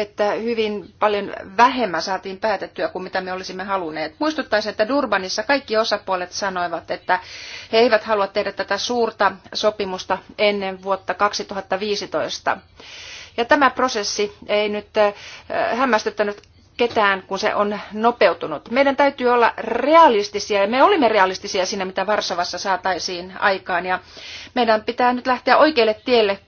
että hyvin paljon vähemmän saatiin päätettyä kuin mitä me olisimme halunneet. Muistuttaisin, että Durbanissa kaikki osapuolet sanoivat, että he eivät halua tehdä tätä suurta sopimusta ennen vuotta 2015. Ja tämä prosessi ei nyt äh, hämmästyttänyt ketään, kun se on nopeutunut. Meidän täytyy olla realistisia, ja me olimme realistisia siinä, mitä Varsovassa saataisiin aikaan, ja meidän pitää nyt lähteä oikealle tielle,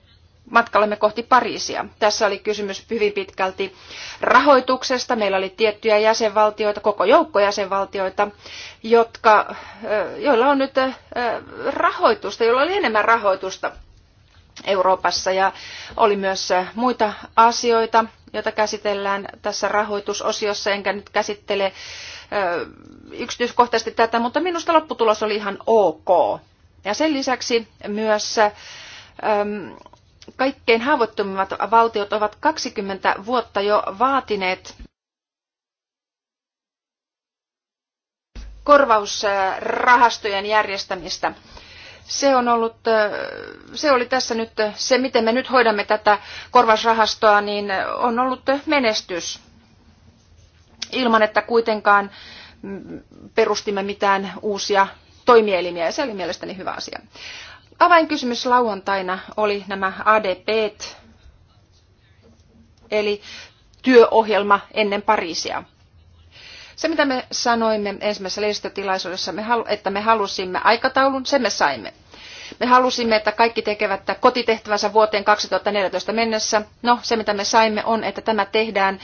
matkallamme kohti Pariisia. Tässä oli kysymys hyvin pitkälti rahoituksesta. Meillä oli tiettyjä jäsenvaltioita, koko joukko jäsenvaltioita, jotka, joilla on nyt rahoitusta, joilla oli enemmän rahoitusta Euroopassa ja oli myös muita asioita, joita käsitellään tässä rahoitusosiossa, enkä nyt käsittele yksityiskohtaisesti tätä, mutta minusta lopputulos oli ihan ok. Ja sen lisäksi myös kaikkein haavoittuvimmat valtiot ovat 20 vuotta jo vaatineet korvausrahastojen järjestämistä. Se, on ollut, se oli tässä nyt, se miten me nyt hoidamme tätä korvausrahastoa, niin on ollut menestys ilman, että kuitenkaan perustimme mitään uusia toimielimiä ja se oli mielestäni hyvä asia. Avainkysymys lauantaina oli nämä ADP, eli työohjelma ennen Pariisia. Se, mitä me sanoimme ensimmäisessä lehdistötilaisuudessa, että me halusimme aikataulun, sen me saimme. Me halusimme, että kaikki tekevät kotitehtävänsä vuoteen 2014 mennessä. No, se mitä me saimme on, että tämä tehdään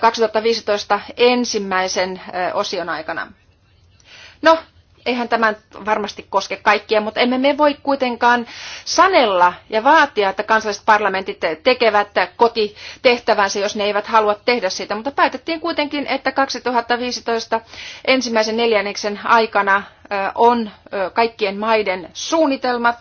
2015 ensimmäisen osion aikana. No, eihän tämä varmasti koske kaikkia, mutta emme me voi kuitenkaan sanella ja vaatia, että kansalliset parlamentit tekevät kotitehtävänsä, jos ne eivät halua tehdä sitä. Mutta päätettiin kuitenkin, että 2015 ensimmäisen neljänneksen aikana on kaikkien maiden suunnitelmat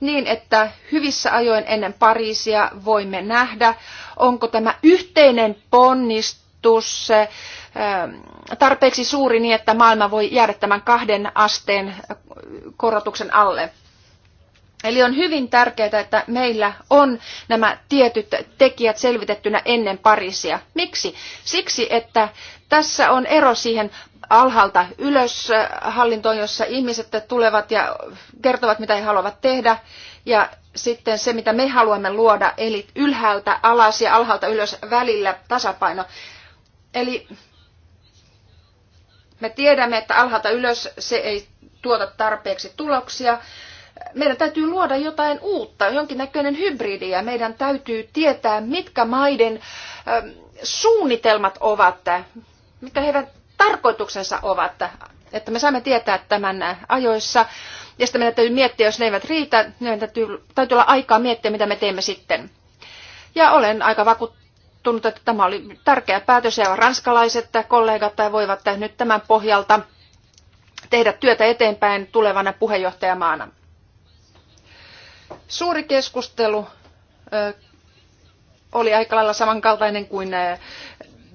niin, että hyvissä ajoin ennen Pariisia voimme nähdä, onko tämä yhteinen ponnistus tarpeeksi suuri niin, että maailma voi jäädä tämän kahden asteen korotuksen alle. Eli on hyvin tärkeää, että meillä on nämä tietyt tekijät selvitettynä ennen Pariisia. Miksi? Siksi, että tässä on ero siihen alhaalta ylös hallintoon, jossa ihmiset tulevat ja kertovat, mitä he haluavat tehdä, ja sitten se, mitä me haluamme luoda, eli ylhäältä alas ja alhaalta ylös välillä tasapaino. Eli me tiedämme, että alhaalta ylös se ei tuota tarpeeksi tuloksia. Meidän täytyy luoda jotain uutta, jonkinnäköinen hybridi, ja meidän täytyy tietää, mitkä maiden ähm, suunnitelmat ovat, mitkä heidän tarkoituksensa ovat, että me saamme tietää tämän ajoissa. Ja sitten meidän täytyy miettiä, jos ne eivät riitä, niin meidän täytyy, täytyy olla aikaa miettiä, mitä me teemme sitten. Ja olen aika vakuuttunut tuntuu, että tämä oli tärkeä päätös ja ranskalaiset kollegat voivat nyt tämän pohjalta tehdä työtä eteenpäin tulevana puheenjohtajamaana. Suuri keskustelu oli aika lailla samankaltainen kuin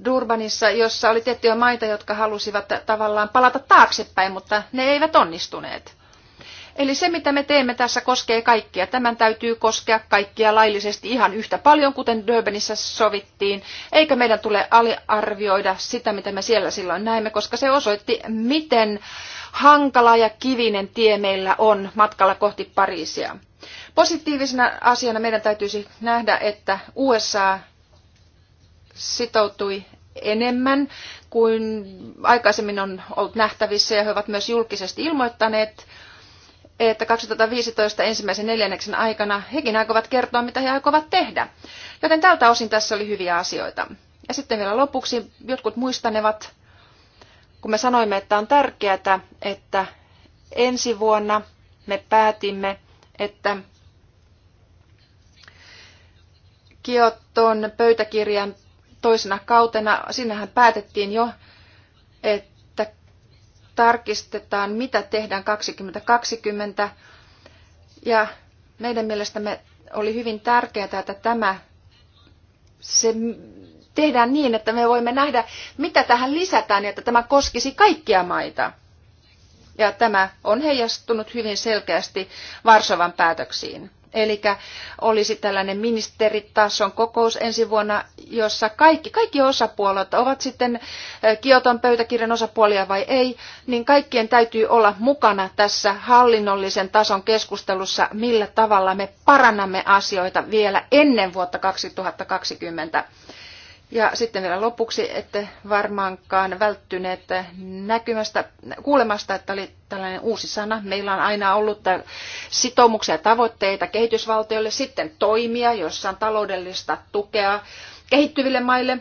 Durbanissa, jossa oli tiettyjä maita, jotka halusivat tavallaan palata taaksepäin, mutta ne eivät onnistuneet. Eli se, mitä me teemme tässä, koskee kaikkia. Tämän täytyy koskea kaikkia laillisesti ihan yhtä paljon, kuten Durbanissa sovittiin. Eikä meidän tule aliarvioida sitä, mitä me siellä silloin näimme, koska se osoitti, miten hankala ja kivinen tie meillä on matkalla kohti Pariisia. Positiivisena asiana meidän täytyisi nähdä, että USA sitoutui enemmän kuin aikaisemmin on ollut nähtävissä ja he ovat myös julkisesti ilmoittaneet että 2015 ensimmäisen neljänneksen aikana hekin aikovat kertoa, mitä he aikovat tehdä. Joten tältä osin tässä oli hyviä asioita. Ja sitten vielä lopuksi jotkut muistanevat, kun me sanoimme, että on tärkeää, että ensi vuonna me päätimme, että Kioton pöytäkirjan toisena kautena, sinnehän päätettiin jo, että tarkistetaan, mitä tehdään 2020. Ja meidän mielestämme oli hyvin tärkeää, että tämä se tehdään niin, että me voimme nähdä, mitä tähän lisätään ja että tämä koskisi kaikkia maita. Ja tämä on heijastunut hyvin selkeästi Varsovan päätöksiin. Eli olisi tällainen ministeritason kokous ensi vuonna, jossa kaikki, kaikki osapuolet ovat sitten Kioton pöytäkirjan osapuolia vai ei, niin kaikkien täytyy olla mukana tässä hallinnollisen tason keskustelussa, millä tavalla me parannamme asioita vielä ennen vuotta 2020. Ja sitten vielä lopuksi, ette varmaankaan välttyneet näkymästä, kuulemasta, että oli tällainen uusi sana. Meillä on aina ollut sitoumuksia ja tavoitteita kehitysvaltioille, sitten toimia, joissa on taloudellista tukea kehittyville maille.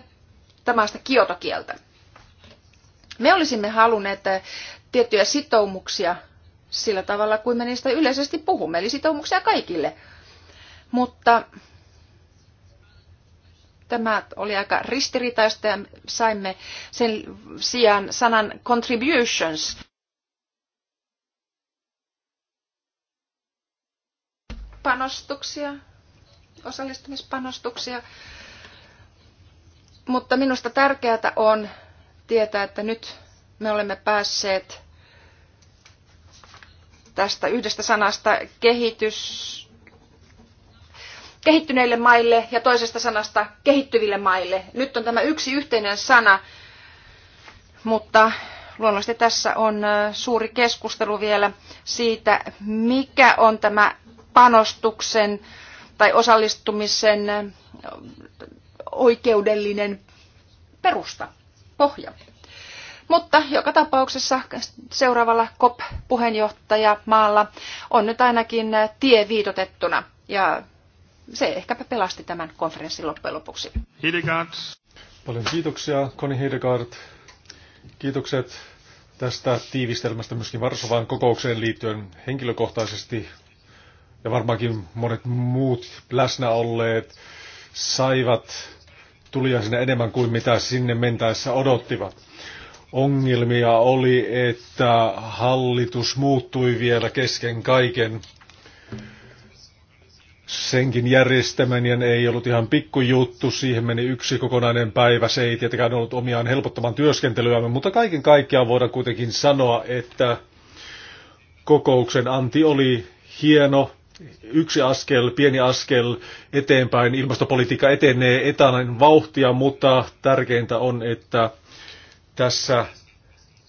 Tämä on sitä kiotokieltä. Me olisimme halunneet eh, tiettyjä sitoumuksia sillä tavalla, kuin me niistä yleisesti puhumme, eli sitoumuksia kaikille. Mutta tämä oli aika ristiriitaista ja saimme sen sijaan sanan contributions, panostuksia, osallistumispanostuksia. Mutta minusta tärkeää on tietää, että nyt me olemme päässeet tästä yhdestä sanasta kehitys, kehittyneille maille ja toisesta sanasta kehittyville maille. Nyt on tämä yksi yhteinen sana, mutta luonnollisesti tässä on suuri keskustelu vielä siitä, mikä on tämä panostuksen tai osallistumisen oikeudellinen perusta, pohja. Mutta joka tapauksessa seuraavalla COP-puheenjohtaja maalla on nyt ainakin tie viitotettuna ja se ehkäpä pelasti tämän konferenssin loppujen lopuksi. Hildegard. Paljon kiitoksia, Koni Hildegard. Kiitokset tästä tiivistelmästä myöskin Varsovan kokoukseen liittyen. Henkilökohtaisesti ja varmaankin monet muut läsnä olleet saivat sinne enemmän kuin mitä sinne mentäessä odottivat. Ongelmia oli, että hallitus muuttui vielä kesken kaiken. Senkin järjestäminen ei ollut ihan pikkujuttu, siihen meni yksi kokonainen päivä, se ei tietenkään ollut omiaan helpottamaan työskentelyämme, mutta kaiken kaikkiaan voidaan kuitenkin sanoa, että kokouksen anti oli hieno, yksi askel, pieni askel eteenpäin. Ilmastopolitiikka etenee etanan vauhtia, mutta tärkeintä on, että tässä,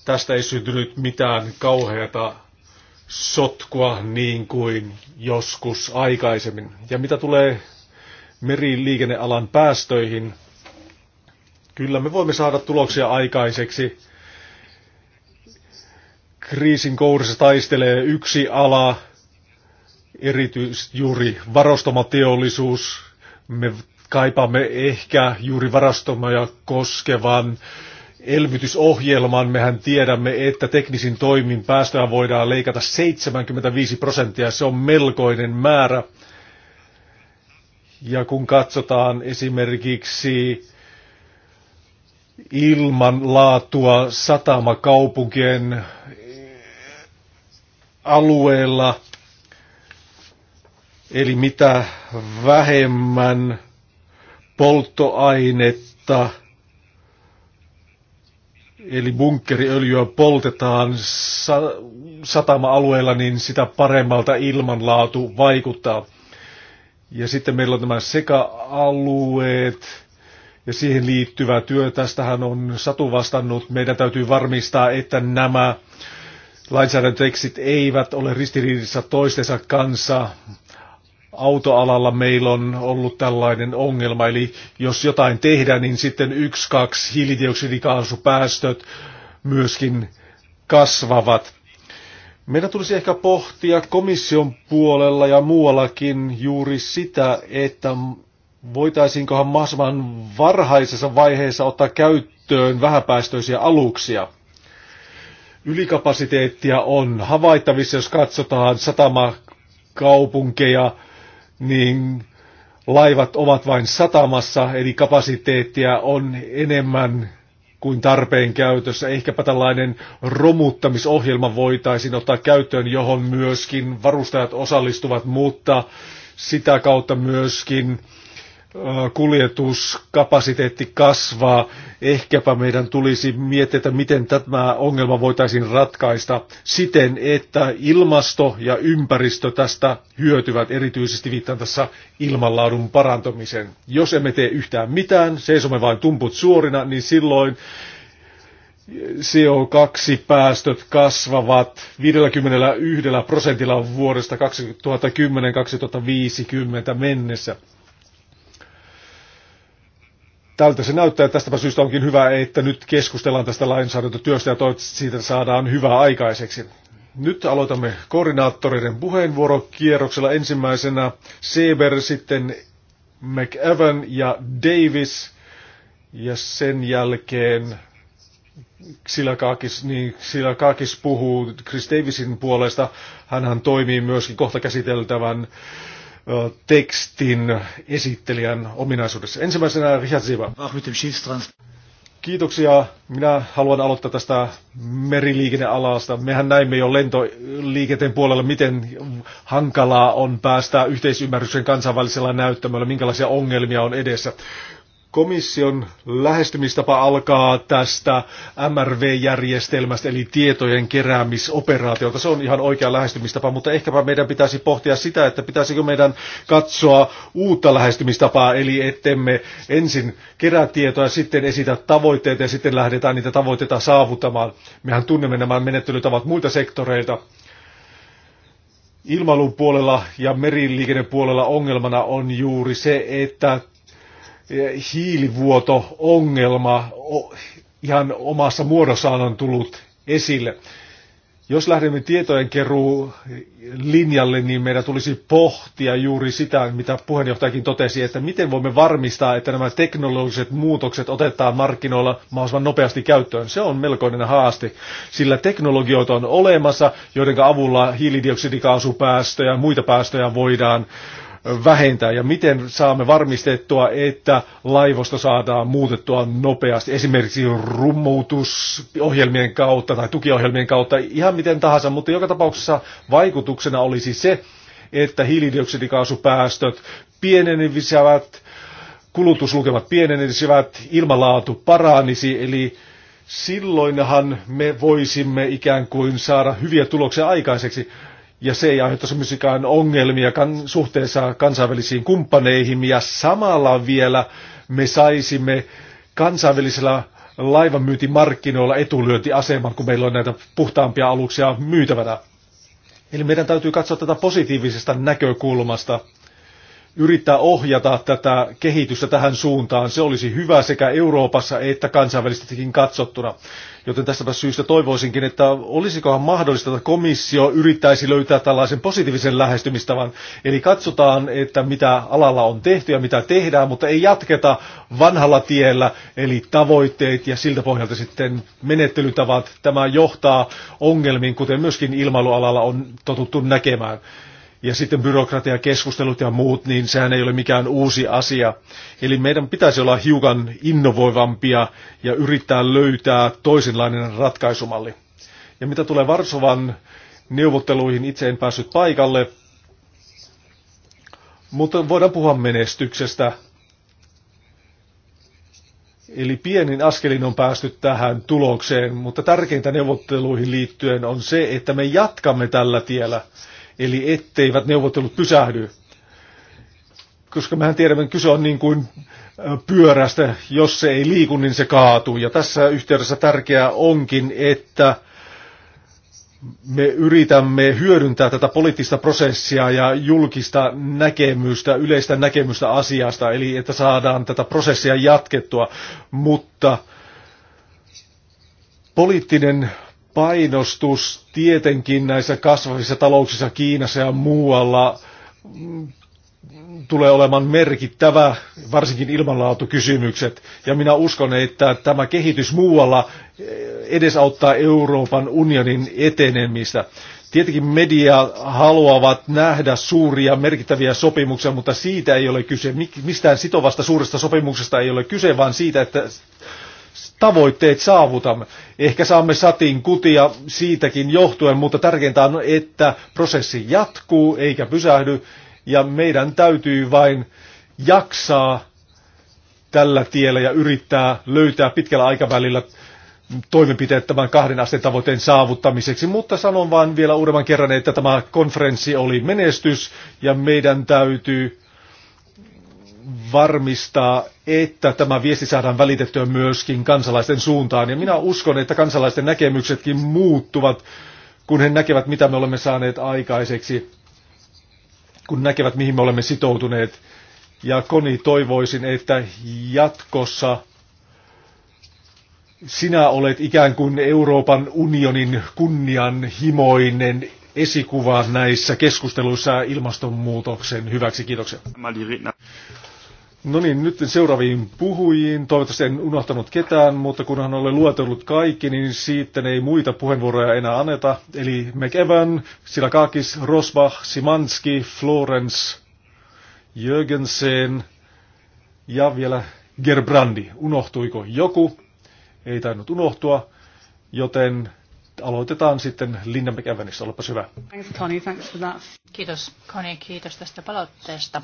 tästä ei syntynyt mitään kauheata sotkua niin kuin joskus aikaisemmin. Ja mitä tulee meriliikennealan päästöihin, kyllä me voimme saada tuloksia aikaiseksi. Kriisin kourissa taistelee yksi ala, erityisesti juuri varastomateollisuus. Me kaipaamme ehkä juuri varastomoja koskevan elvytysohjelman. Mehän tiedämme, että teknisin toimin päästöä voidaan leikata 75 prosenttia. Se on melkoinen määrä. Ja kun katsotaan esimerkiksi ilman laatua satamakaupunkien alueella, Eli mitä vähemmän polttoainetta, eli bunkkeriöljyä poltetaan satama-alueella, niin sitä paremmalta ilmanlaatu vaikuttaa. Ja sitten meillä on nämä seka-alueet ja siihen liittyvä työ. Tästähän on Satu vastannut. Meidän täytyy varmistaa, että nämä lainsäädäntöeksit eivät ole ristiriidassa toistensa kanssa, autoalalla meillä on ollut tällainen ongelma, eli jos jotain tehdään, niin sitten yksi, kaksi hiilidioksidikaasupäästöt myöskin kasvavat. Meidän tulisi ehkä pohtia komission puolella ja muuallakin juuri sitä, että voitaisiinkohan mahdollisimman varhaisessa vaiheessa ottaa käyttöön vähäpäästöisiä aluksia. Ylikapasiteettia on havaittavissa, jos katsotaan satamakaupunkeja, niin laivat ovat vain satamassa, eli kapasiteettia on enemmän kuin tarpeen käytössä. Ehkäpä tällainen romuttamisohjelma voitaisiin ottaa käyttöön, johon myöskin varustajat osallistuvat, mutta sitä kautta myöskin Äh, kuljetuskapasiteetti kasvaa. Ehkäpä meidän tulisi miettiä, miten tämä ongelma voitaisiin ratkaista siten, että ilmasto ja ympäristö tästä hyötyvät, erityisesti viittaan tässä ilmanlaadun parantamisen. Jos emme tee yhtään mitään, seisomme vain tumput suorina, niin silloin CO2-päästöt kasvavat 51 prosentilla vuodesta 2010-2050 mennessä tältä se näyttää. että Tästäpä syystä onkin hyvä, että nyt keskustellaan tästä lainsäädäntötyöstä ja toivottavasti siitä saadaan hyvää aikaiseksi. Nyt aloitamme koordinaattoreiden puheenvuorokierroksella ensimmäisenä Seber, sitten McEvan ja Davis ja sen jälkeen Silakakis, niin Silakakis puhuu Chris Davisin puolesta. Hänhän toimii myöskin kohta käsiteltävän äh, tekstin esittelijän ominaisuudessa. Ensimmäisenä Richard Siva. Kiitoksia. Minä haluan aloittaa tästä meriliikennealasta. Mehän näimme jo lentoliikenteen puolella, miten hankalaa on päästä yhteisymmärryksen kansainvälisellä näyttämöllä, minkälaisia ongelmia on edessä. Komission lähestymistapa alkaa tästä MRV-järjestelmästä, eli tietojen keräämisoperaatiolta. Se on ihan oikea lähestymistapa, mutta ehkäpä meidän pitäisi pohtia sitä, että pitäisikö meidän katsoa uutta lähestymistapaa, eli ettemme ensin kerää tietoa, sitten esitä tavoitteita ja sitten lähdetään niitä tavoitteita saavuttamaan. Mehän tunnemme nämä menettelytavat muilta sektoreilta. Ilmailun puolella ja meriliikennepuolella ongelmana on juuri se, että Eh, hiilivuoto-ongelma ihan omassa muodossaan on tullut esille. Jos lähdemme tietojen keruu linjalle, niin meidän tulisi pohtia juuri sitä, mitä puheenjohtajakin totesi, että miten voimme varmistaa, että nämä teknologiset muutokset otetaan markkinoilla mahdollisimman nopeasti käyttöön. Se on melkoinen haaste, sillä teknologioita on olemassa, joiden avulla hiilidioksidikaasupäästöjä ja muita päästöjä voidaan vähentää ja miten saamme varmistettua, että laivosto saadaan muutettua nopeasti, esimerkiksi rummutusohjelmien kautta tai tukiohjelmien kautta, ihan miten tahansa, mutta joka tapauksessa vaikutuksena olisi se, että hiilidioksidikaasupäästöt pienenisivät, kulutuslukemat pienenisivät, ilmalaatu paranisi, eli silloinhan me voisimme ikään kuin saada hyviä tuloksia aikaiseksi ja se ei aiheuttaisi myöskään ongelmia kan, suhteessa kansainvälisiin kumppaneihin, ja samalla vielä me saisimme kansainvälisellä laivanmyyntimarkkinoilla etulyöntiaseman, kun meillä on näitä puhtaampia aluksia myytävänä. Eli meidän täytyy katsoa tätä positiivisesta näkökulmasta, yrittää ohjata tätä kehitystä tähän suuntaan. Se olisi hyvä sekä Euroopassa että kansainvälisestikin katsottuna. Joten tästä syystä toivoisinkin, että olisikohan mahdollista, että komissio yrittäisi löytää tällaisen positiivisen lähestymistavan. Eli katsotaan, että mitä alalla on tehty ja mitä tehdään, mutta ei jatketa vanhalla tiellä, eli tavoitteet ja siltä pohjalta sitten menettelytavat. Tämä johtaa ongelmiin, kuten myöskin ilmailualalla on totuttu näkemään ja sitten byrokratiakeskustelut ja muut, niin sehän ei ole mikään uusi asia. Eli meidän pitäisi olla hiukan innovoivampia ja yrittää löytää toisenlainen ratkaisumalli. Ja mitä tulee Varsovan neuvotteluihin, itse en päässyt paikalle, mutta voidaan puhua menestyksestä. Eli pienin askelin on päästy tähän tulokseen, mutta tärkeintä neuvotteluihin liittyen on se, että me jatkamme tällä tiellä eli etteivät neuvottelut pysähdy. Koska mehän tiedämme, että kyse on niin kuin pyörästä, jos se ei liiku, niin se kaatuu. Ja tässä yhteydessä tärkeää onkin, että me yritämme hyödyntää tätä poliittista prosessia ja julkista näkemystä, yleistä näkemystä asiasta, eli että saadaan tätä prosessia jatkettua, mutta poliittinen painostus tietenkin näissä kasvavissa talouksissa Kiinassa ja muualla mm, tulee olemaan merkittävä, varsinkin ilmanlaatukysymykset. Ja minä uskon, että tämä kehitys muualla eh, edesauttaa Euroopan unionin etenemistä. Tietenkin media haluavat nähdä suuria merkittäviä sopimuksia, mutta siitä ei ole kyse. Mistään sitovasta suuresta sopimuksesta ei ole kyse, vaan siitä, että tavoitteet saavutamme. Ehkä saamme satin kutia siitäkin johtuen, mutta tärkeintä on, että prosessi jatkuu eikä pysähdy ja meidän täytyy vain jaksaa tällä tiellä ja yrittää löytää pitkällä aikavälillä toimenpiteet tämän kahden asteen tavoitteen saavuttamiseksi, mutta sanon vain vielä uudemman kerran, että tämä konferenssi oli menestys ja meidän täytyy varmistaa, että tämä viesti saadaan välitettyä myöskin kansalaisten suuntaan. Ja minä uskon, että kansalaisten näkemyksetkin muuttuvat, kun he näkevät, mitä me olemme saaneet aikaiseksi, kun näkevät, mihin me olemme sitoutuneet. Ja Koni, toivoisin, että jatkossa sinä olet ikään kuin Euroopan unionin kunnianhimoinen esikuva näissä keskusteluissa ilmastonmuutoksen hyväksi. Kiitoksia. No niin, nyt seuraaviin puhujiin. Toivottavasti en unohtanut ketään, mutta kunhan olen luetellut kaikki, niin sitten ei muita puheenvuoroja enää anneta. Eli McEvan, Silakakis, Rosbach, Simanski, Florence, Jörgensen ja vielä Gerbrandi. Unohtuiko joku? Ei tainnut unohtua, joten aloitetaan sitten Linda McEvanissa. Olepas hyvä. Thanks, Connie. Thanks for that. Kiitos Connie, kiitos tästä palautteesta.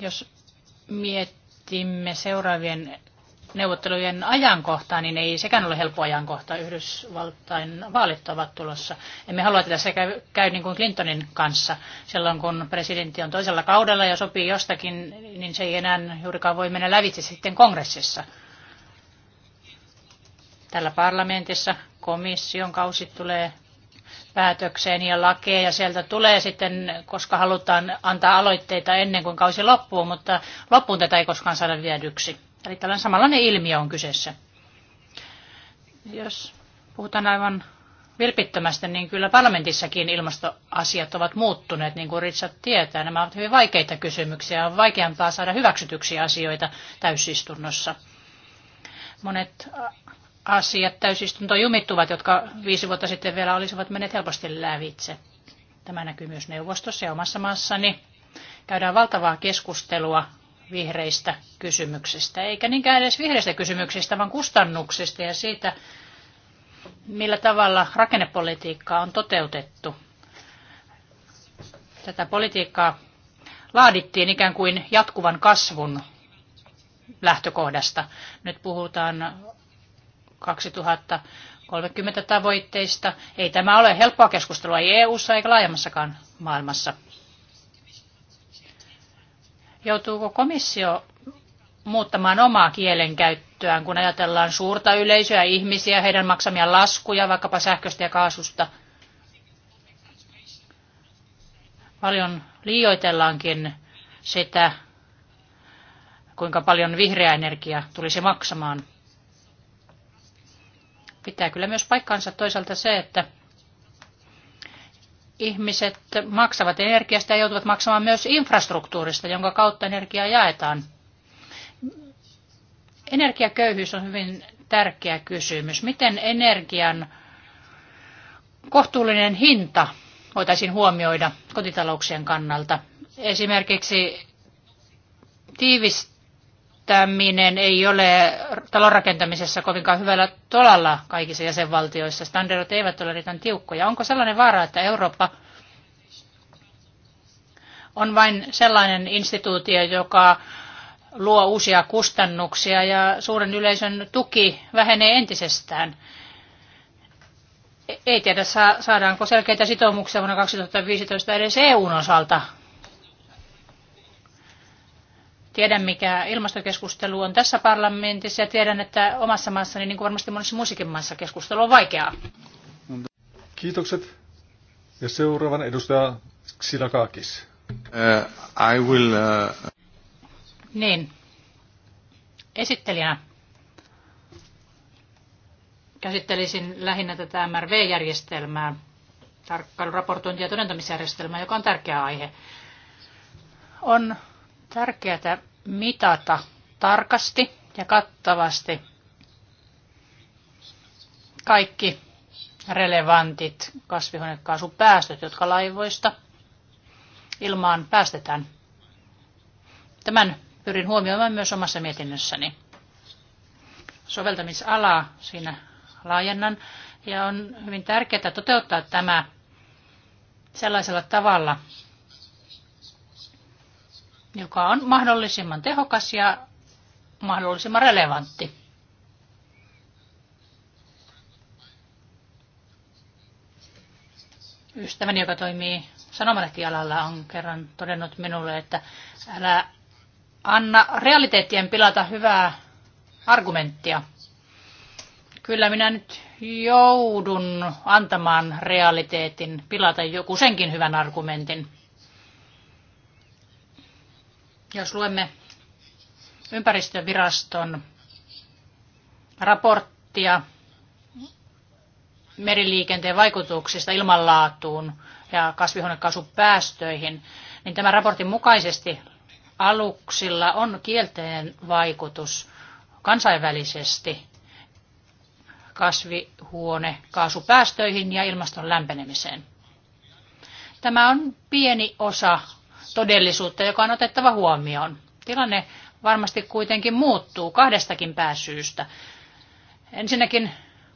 Jos miettimme seuraavien neuvottelujen ajankohtaa, niin ei sekään ole helppo ajankohta. Yhdysvaltain vaalit ovat tulossa. Emme halua, että tässä käy, käy niin kuin Clintonin kanssa. Silloin kun presidentti on toisella kaudella ja sopii jostakin, niin se ei enää juurikaan voi mennä lävitse sitten kongressissa. Tällä parlamentissa komission kausi tulee päätökseen ja lakeen ja sieltä tulee sitten, koska halutaan antaa aloitteita ennen kuin kausi loppuu, mutta loppuun tätä ei koskaan saada viedyksi. Eli tällainen samanlainen ilmiö on kyseessä. Jos puhutaan aivan vilpittömästi, niin kyllä parlamentissakin ilmastoasiat ovat muuttuneet, niin kuin Richard tietää. Nämä ovat hyvin vaikeita kysymyksiä. On vaikeampaa saada hyväksytyksiä asioita täysistunnossa. Monet asiat täysistunto jumittuvat, jotka viisi vuotta sitten vielä olisivat menneet helposti lävitse. Tämä näkyy myös neuvostossa ja omassa maassani. Käydään valtavaa keskustelua vihreistä kysymyksistä, eikä niinkään edes vihreistä kysymyksistä, vaan kustannuksista ja siitä, millä tavalla rakennepolitiikkaa on toteutettu. Tätä politiikkaa laadittiin ikään kuin jatkuvan kasvun lähtökohdasta. Nyt puhutaan 2030 tavoitteista. Ei tämä ole helppoa keskustelua ei EU-ssa eikä laajemmassakaan maailmassa. Joutuuko komissio muuttamaan omaa kielenkäyttöään, kun ajatellaan suurta yleisöä, ihmisiä, heidän maksamia laskuja, vaikkapa sähköstä ja kaasusta? Paljon liioitellaankin sitä, kuinka paljon vihreä energia tulisi maksamaan pitää kyllä myös paikkansa toisaalta se, että ihmiset maksavat energiasta ja joutuvat maksamaan myös infrastruktuurista, jonka kautta energiaa jaetaan. Energiaköyhyys on hyvin tärkeä kysymys. Miten energian kohtuullinen hinta voitaisiin huomioida kotitalouksien kannalta? Esimerkiksi tiivis rakentaminen ei ole talonrakentamisessa kovinkaan hyvällä tolalla kaikissa jäsenvaltioissa. Standardit eivät ole riittävän tiukkoja. Onko sellainen vaara, että Eurooppa on vain sellainen instituutio, joka luo uusia kustannuksia ja suuren yleisön tuki vähenee entisestään? Ei tiedä, saadaanko selkeitä sitoumuksia vuonna 2015 edes EUn osalta Tiedän, mikä ilmastokeskustelu on tässä parlamentissa ja tiedän, että omassa maassani, niin kuin varmasti monessa muissakin maassa, keskustelu on vaikeaa. Kiitokset. Ja seuraavan edustaja Xilakakis. Uh, I will, uh... Niin. Esittelijänä käsittelisin lähinnä tätä MRV-järjestelmää, tarkkailu, raportointi- ja todentamisjärjestelmää, joka on tärkeä aihe. On tärkeää mitata tarkasti ja kattavasti kaikki relevantit kasvihuonekaasupäästöt, jotka laivoista ilmaan päästetään. Tämän pyrin huomioimaan myös omassa mietinnössäni. Soveltamisalaa siinä laajennan ja on hyvin tärkeää toteuttaa tämä sellaisella tavalla, joka on mahdollisimman tehokas ja mahdollisimman relevantti. Ystäväni, joka toimii sanomalehtialalla, on kerran todennut minulle, että älä anna realiteettien pilata hyvää argumenttia. Kyllä minä nyt joudun antamaan realiteetin pilata joku senkin hyvän argumentin. Jos luemme ympäristöviraston raporttia meriliikenteen vaikutuksista ilmanlaatuun ja kasvihuonekaasupäästöihin, niin tämän raportin mukaisesti aluksilla on kielteinen vaikutus kansainvälisesti kasvihuonekaasupäästöihin ja ilmaston lämpenemiseen. Tämä on pieni osa todellisuutta, joka on otettava huomioon. Tilanne varmasti kuitenkin muuttuu kahdestakin pääsyystä. Ensinnäkin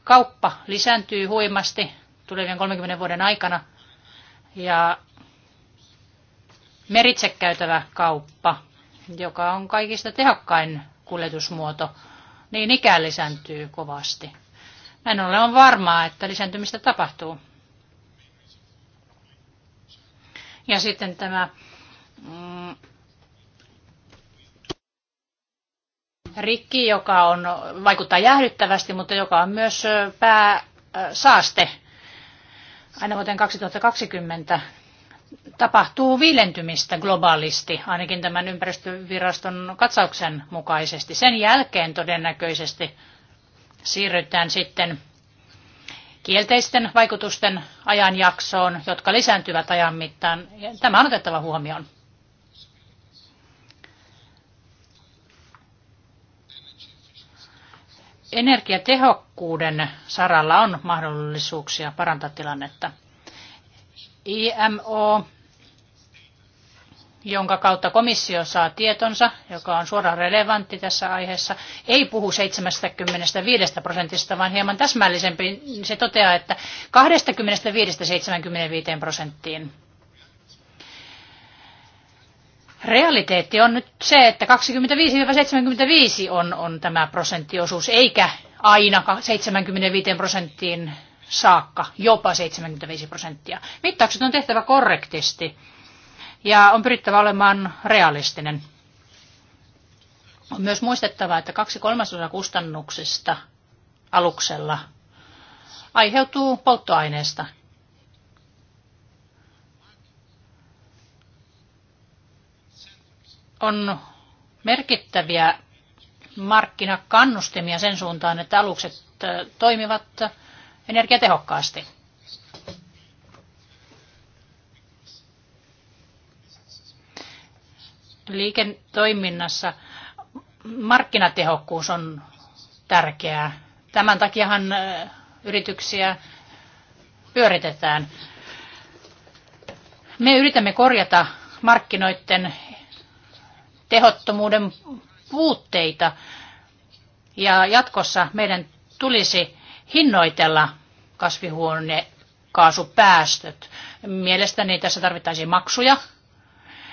kauppa lisääntyy huimasti tulevien 30 vuoden aikana ja meritse käytävä kauppa, joka on kaikista tehokkain kuljetusmuoto, niin ikään lisääntyy kovasti. Näin ollen on varmaa, että lisääntymistä tapahtuu. Ja sitten tämä Mm. rikki, joka on, vaikuttaa jäähdyttävästi, mutta joka on myös pääsaaste aina vuoteen 2020 tapahtuu viilentymistä globaalisti, ainakin tämän ympäristöviraston katsauksen mukaisesti. Sen jälkeen todennäköisesti siirrytään sitten kielteisten vaikutusten ajanjaksoon, jotka lisääntyvät ajan mittaan. Tämä on otettava huomioon. energiatehokkuuden saralla on mahdollisuuksia parantaa tilannetta. IMO, jonka kautta komissio saa tietonsa, joka on suoraan relevantti tässä aiheessa, ei puhu 75 prosentista, vaan hieman täsmällisempi. Se toteaa, että 25-75 prosenttiin Realiteetti on nyt se, että 25-75 on, on tämä prosenttiosuus, eikä aina 75 prosenttiin saakka, jopa 75 prosenttia. Mittaukset on tehtävä korrektisti ja on pyrittävä olemaan realistinen. On myös muistettava, että kaksi kolmasosa kustannuksista aluksella aiheutuu polttoaineesta – on merkittäviä markkinakannustimia sen suuntaan, että alukset toimivat energiatehokkaasti. Liiketoiminnassa markkinatehokkuus on tärkeää. Tämän takiahan yrityksiä pyöritetään. Me yritämme korjata markkinoiden tehottomuuden puutteita. Ja jatkossa meidän tulisi hinnoitella kasvihuonekaasupäästöt. Mielestäni tässä tarvittaisiin maksuja.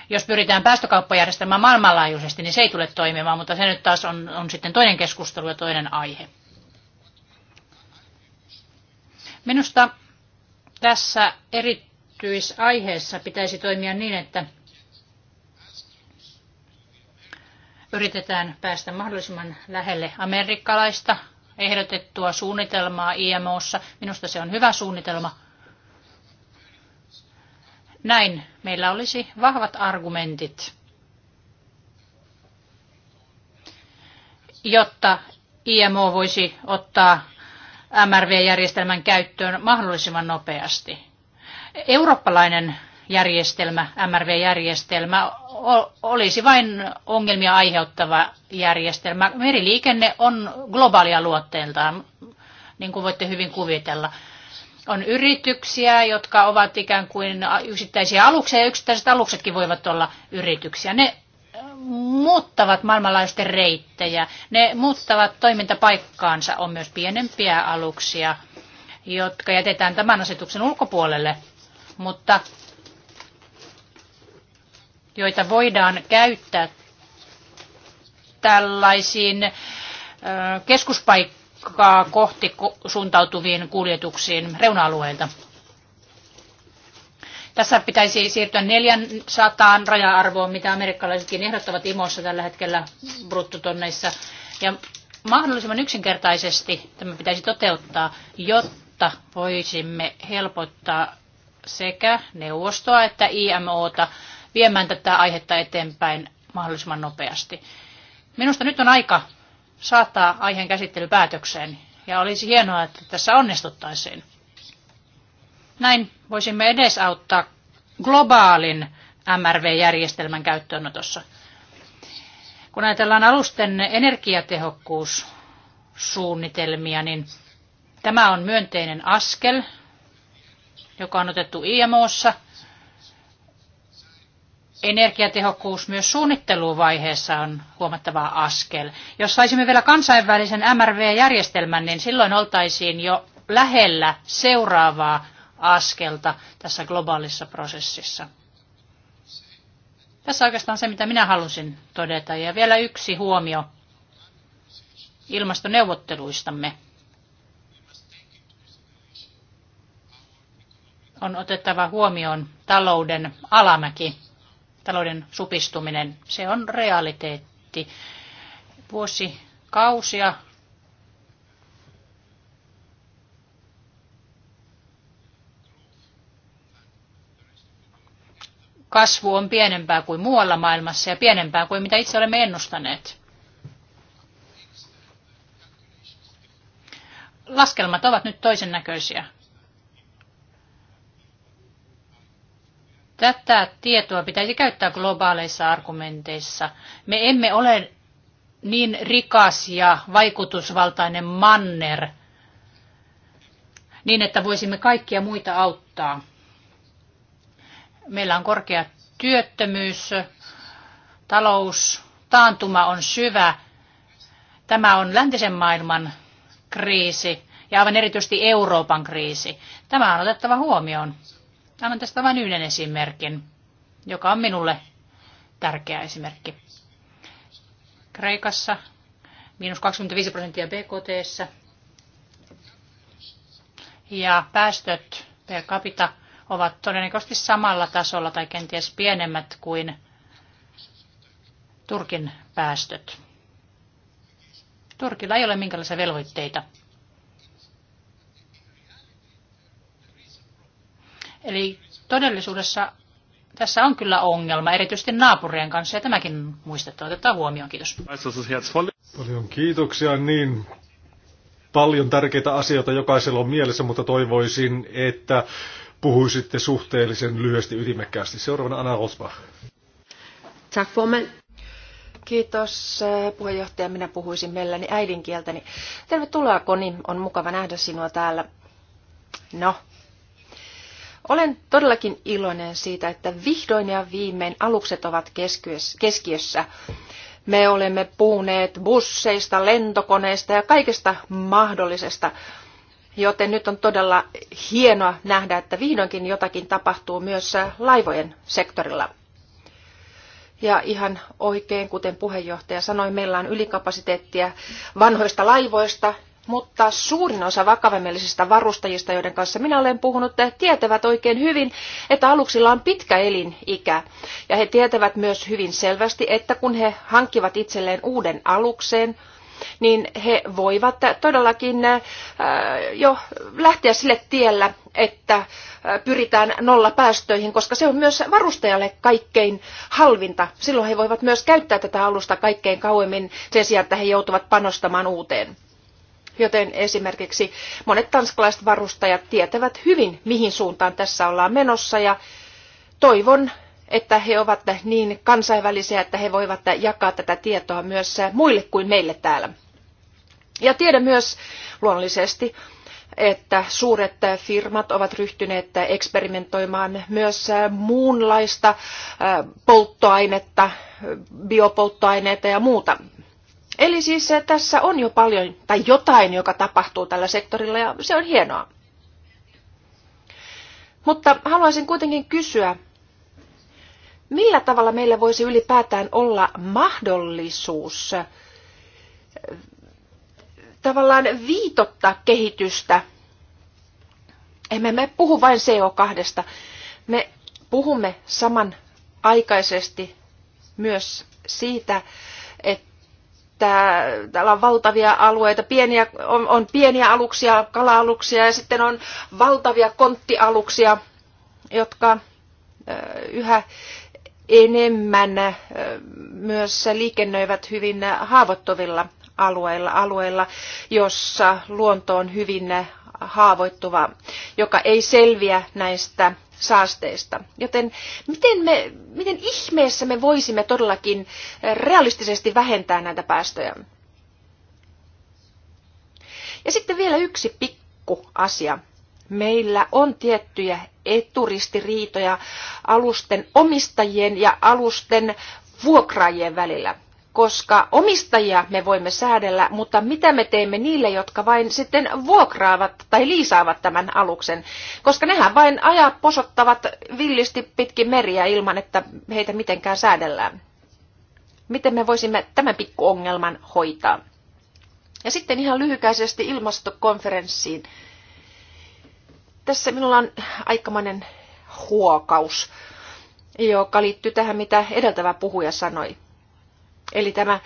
Jos pyritään päästökauppajärjestelmään maailmanlaajuisesti, niin se ei tule toimimaan, mutta se nyt taas on, on sitten toinen keskustelu ja toinen aihe. Minusta tässä erityisaiheessa pitäisi toimia niin, että yritetään päästä mahdollisimman lähelle amerikkalaista ehdotettua suunnitelmaa IMOssa. Minusta se on hyvä suunnitelma. Näin meillä olisi vahvat argumentit, jotta IMO voisi ottaa MRV-järjestelmän käyttöön mahdollisimman nopeasti. Eurooppalainen järjestelmä, MRV-järjestelmä, olisi vain ongelmia aiheuttava järjestelmä. Meriliikenne on globaalia luotteeltaan, niin kuin voitte hyvin kuvitella. On yrityksiä, jotka ovat ikään kuin yksittäisiä aluksia, ja yksittäiset aluksetkin voivat olla yrityksiä. Ne muuttavat maailmanlaajuisten reittejä, ne muuttavat toimintapaikkaansa, on myös pienempiä aluksia, jotka jätetään tämän asetuksen ulkopuolelle, mutta joita voidaan käyttää tällaisiin keskuspaikkaa kohti suuntautuviin kuljetuksiin reuna-alueilta. Tässä pitäisi siirtyä 400 raja-arvoon, mitä amerikkalaisetkin ehdottavat imossa tällä hetkellä bruttotonneissa. Ja mahdollisimman yksinkertaisesti tämä pitäisi toteuttaa, jotta voisimme helpottaa sekä neuvostoa että IMOta viemään tätä aihetta eteenpäin mahdollisimman nopeasti. Minusta nyt on aika saattaa aiheen käsittely päätökseen ja olisi hienoa, että tässä onnistuttaisiin. Näin voisimme edesauttaa globaalin MRV-järjestelmän käyttöönotossa. Kun ajatellaan alusten energiatehokkuussuunnitelmia, niin tämä on myönteinen askel, joka on otettu IMOssa – energiatehokkuus myös suunnitteluvaiheessa on huomattava askel. Jos saisimme vielä kansainvälisen MRV-järjestelmän, niin silloin oltaisiin jo lähellä seuraavaa askelta tässä globaalissa prosessissa. Tässä oikeastaan se, mitä minä halusin todeta. Ja vielä yksi huomio ilmastoneuvotteluistamme. On otettava huomioon talouden alamäki talouden supistuminen, se on realiteetti. Vuosi kausia kasvu on pienempää kuin muualla maailmassa ja pienempää kuin mitä itse olemme ennustaneet. Laskelmat ovat nyt toisen näköisiä. Tätä tietoa pitäisi käyttää globaaleissa argumenteissa. Me emme ole niin rikas ja vaikutusvaltainen manner, niin että voisimme kaikkia muita auttaa. Meillä on korkea työttömyys, talous, taantuma on syvä. Tämä on läntisen maailman kriisi ja aivan erityisesti Euroopan kriisi. Tämä on otettava huomioon. Annan tästä vain yhden esimerkin, joka on minulle tärkeä esimerkki. Kreikassa miinus 25 prosenttia BKT ja päästöt per capita ovat todennäköisesti samalla tasolla tai kenties pienemmät kuin Turkin päästöt. Turkilla ei ole minkälaisia velvoitteita Eli todellisuudessa tässä on kyllä ongelma, erityisesti naapurien kanssa, ja tämäkin muistettava otetaan huomioon. Kiitos. Paljon kiitoksia. Niin, paljon tärkeitä asioita jokaisella on mielessä, mutta toivoisin, että puhuisitte suhteellisen lyhyesti ytimekkäästi. Seuraavana Anna Rosbach. Tack Kiitos eh, puheenjohtaja. Minä puhuisin mielelläni äidinkieltäni. Tervetuloa Koni, on mukava nähdä sinua täällä. No, olen todellakin iloinen siitä, että vihdoin ja viimein alukset ovat keskiössä. Me olemme puuneet busseista, lentokoneista ja kaikesta mahdollisesta. Joten nyt on todella hienoa nähdä, että vihdoinkin jotakin tapahtuu myös laivojen sektorilla. Ja ihan oikein, kuten puheenjohtaja sanoi, meillä on ylikapasiteettia vanhoista laivoista mutta suurin osa vakavamielisistä varustajista, joiden kanssa minä olen puhunut, tietävät oikein hyvin, että aluksilla on pitkä elinikä. Ja he tietävät myös hyvin selvästi, että kun he hankkivat itselleen uuden alukseen, niin he voivat todellakin äh, jo lähteä sille tiellä, että äh, pyritään nolla päästöihin, koska se on myös varustajalle kaikkein halvinta. Silloin he voivat myös käyttää tätä alusta kaikkein kauemmin sen sijaan, että he joutuvat panostamaan uuteen. Joten esimerkiksi monet tanskalaiset varustajat tietävät hyvin, mihin suuntaan tässä ollaan menossa ja toivon, että he ovat niin kansainvälisiä, että he voivat jakaa tätä tietoa myös muille kuin meille täällä. Ja tiedän myös luonnollisesti, että suuret firmat ovat ryhtyneet eksperimentoimaan myös muunlaista polttoainetta, biopolttoaineita ja muuta. Eli siis tässä on jo paljon tai jotain, joka tapahtuu tällä sektorilla ja se on hienoa. Mutta haluaisin kuitenkin kysyä, millä tavalla meillä voisi ylipäätään olla mahdollisuus äh, tavallaan viitottaa kehitystä. Emme me puhu vain CO2. Me puhumme samanaikaisesti myös siitä, että että täällä on valtavia alueita, pieniä, on, on pieniä aluksia, kala-aluksia ja sitten on valtavia konttialuksia, jotka yhä enemmän myös liikennöivät hyvin haavoittuvilla alueilla, alueilla, jossa luonto on hyvin haavoittuva, joka ei selviä näistä saasteista. Joten miten, me, miten ihmeessä me voisimme todellakin eh, realistisesti vähentää näitä päästöjä? Ja sitten vielä yksi pikku asia. Meillä on tiettyjä eturistiriitoja alusten omistajien ja alusten vuokraajien välillä koska omistajia me voimme säädellä, mutta mitä me teemme niille, jotka vain sitten vuokraavat tai liisaavat tämän aluksen, koska nehän vain ajaa posottavat villisti pitkin meriä ilman, että heitä mitenkään säädellään. Miten me voisimme tämän pikkuongelman hoitaa? Ja sitten ihan lyhykäisesti ilmastokonferenssiin. Tässä minulla on aikamoinen huokaus, joka liittyy tähän, mitä edeltävä puhuja sanoi Eli tämä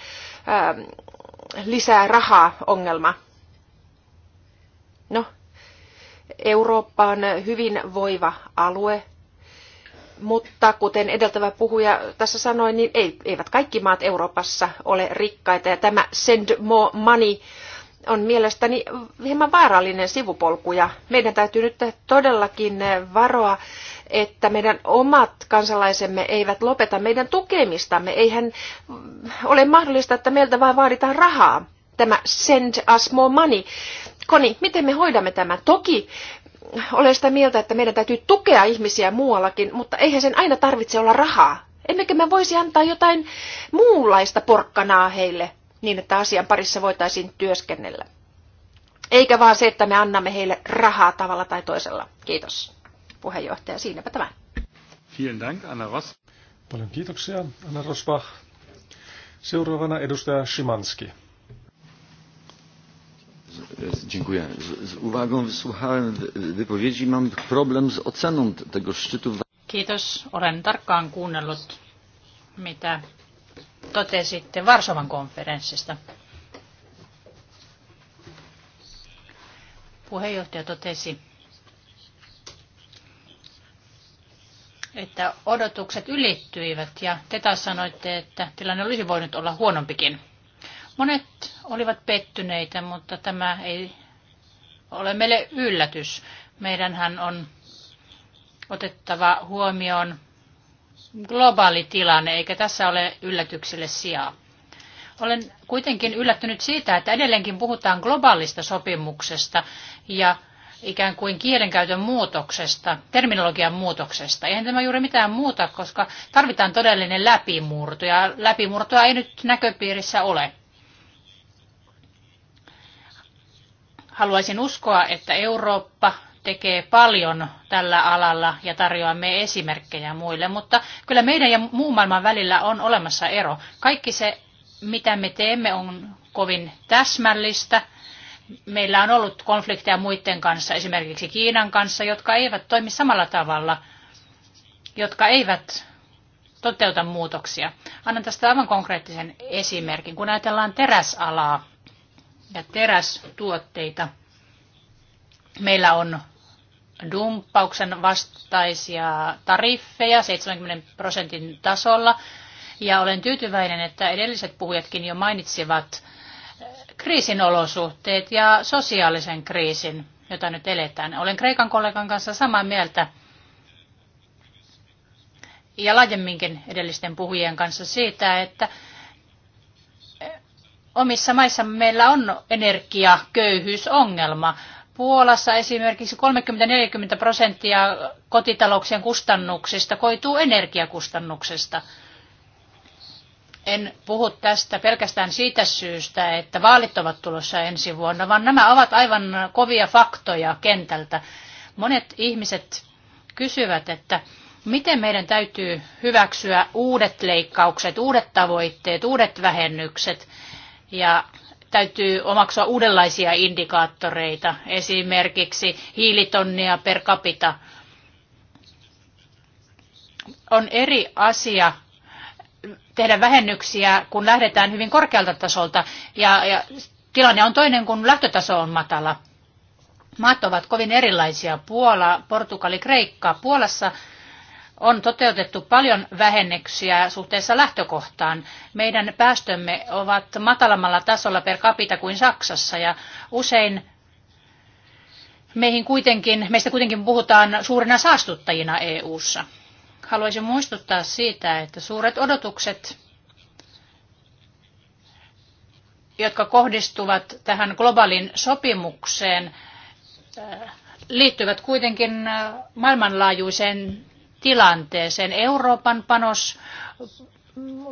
ää, ähm, lisää rahaa ongelma. No, Eurooppa on voiva alue, mutta kuten edeltävä puhuja tässä sanoi, niin ei, eivät kaikki maat Euroopassa ole rikkaita ja tämä send more money on mielestäni hieman vaarallinen sivupolku ja meidän täytyy nyt todellakin varoa että meidän omat kansalaisemme eivät lopeta meidän tukemistamme. Eihän ole mahdollista, että meiltä vain vaaditaan rahaa. Tämä send us more money. Koni, miten me hoidamme tämän? Toki olen sitä mieltä, että meidän täytyy tukea ihmisiä muuallakin, mutta eihän sen aina tarvitse olla rahaa. Emmekö me voisi antaa jotain muunlaista porkkanaa heille, niin että asian parissa voitaisiin työskennellä. Eikä vaan se, että me annamme heille rahaa tavalla tai toisella. Kiitos puheenjohtaja. Siinäpä tämä. Vielen Dank, Anna Ros. Paljon kiitoksia, Anna Rosbach. Seuraavana edustaja Szymanski. Dziękuję. Z, z uwagą wysłuchałem wypowiedzi. Mam problem z oceną tego szczytu. Kiitos. Olen tarkkaan kuunnellut, mitä totesitte Varsovan konferenssista. Puheenjohtaja totesi, että odotukset ylittyivät ja te taas sanoitte, että tilanne olisi voinut olla huonompikin. Monet olivat pettyneitä, mutta tämä ei ole meille yllätys. Meidänhän on otettava huomioon globaali tilanne, eikä tässä ole yllätyksille sijaa. Olen kuitenkin yllättynyt siitä, että edelleenkin puhutaan globaalista sopimuksesta ja ikään kuin kielenkäytön muutoksesta, terminologian muutoksesta. Eihän tämä juuri mitään muuta, koska tarvitaan todellinen läpimurto, ja läpimurtoa ei nyt näköpiirissä ole. Haluaisin uskoa, että Eurooppa tekee paljon tällä alalla ja tarjoamme esimerkkejä muille, mutta kyllä meidän ja muun maailman välillä on olemassa ero. Kaikki se, mitä me teemme, on kovin täsmällistä – meillä on ollut konflikteja muiden kanssa, esimerkiksi Kiinan kanssa, jotka eivät toimi samalla tavalla, jotka eivät toteuta muutoksia. Annan tästä aivan konkreettisen esimerkin. Kun ajatellaan teräsalaa ja terästuotteita, meillä on dumppauksen vastaisia tariffeja 70 prosentin tasolla. Ja olen tyytyväinen, että edelliset puhujatkin jo mainitsivat kriisin olosuhteet ja sosiaalisen kriisin, jota nyt eletään. Olen Kreikan kollegan kanssa samaa mieltä ja laajemminkin edellisten puhujien kanssa siitä, että omissa maissa meillä on energiaköyhyysongelma. Puolassa esimerkiksi 30-40 prosenttia kotitalouksien kustannuksista koituu energiakustannuksesta – en puhu tästä pelkästään siitä syystä, että vaalit ovat tulossa ensi vuonna, vaan nämä ovat aivan kovia faktoja kentältä. Monet ihmiset kysyvät, että miten meidän täytyy hyväksyä uudet leikkaukset, uudet tavoitteet, uudet vähennykset ja täytyy omaksua uudenlaisia indikaattoreita, esimerkiksi hiilitonnia per capita. On eri asia tehdä vähennyksiä, kun lähdetään hyvin korkealta tasolta ja, ja tilanne on toinen, kun lähtötaso on matala. Maat ovat kovin erilaisia. Puola, Portugali, Kreikka. Puolassa on toteutettu paljon vähennyksiä suhteessa lähtökohtaan. Meidän päästömme ovat matalammalla tasolla per capita kuin Saksassa ja usein meihin kuitenkin, meistä kuitenkin puhutaan suurina saastuttajina EU:ssa. Haluaisin muistuttaa siitä, että suuret odotukset, jotka kohdistuvat tähän globaalin sopimukseen, äh, liittyvät kuitenkin äh, maailmanlaajuiseen tilanteeseen. Euroopan panos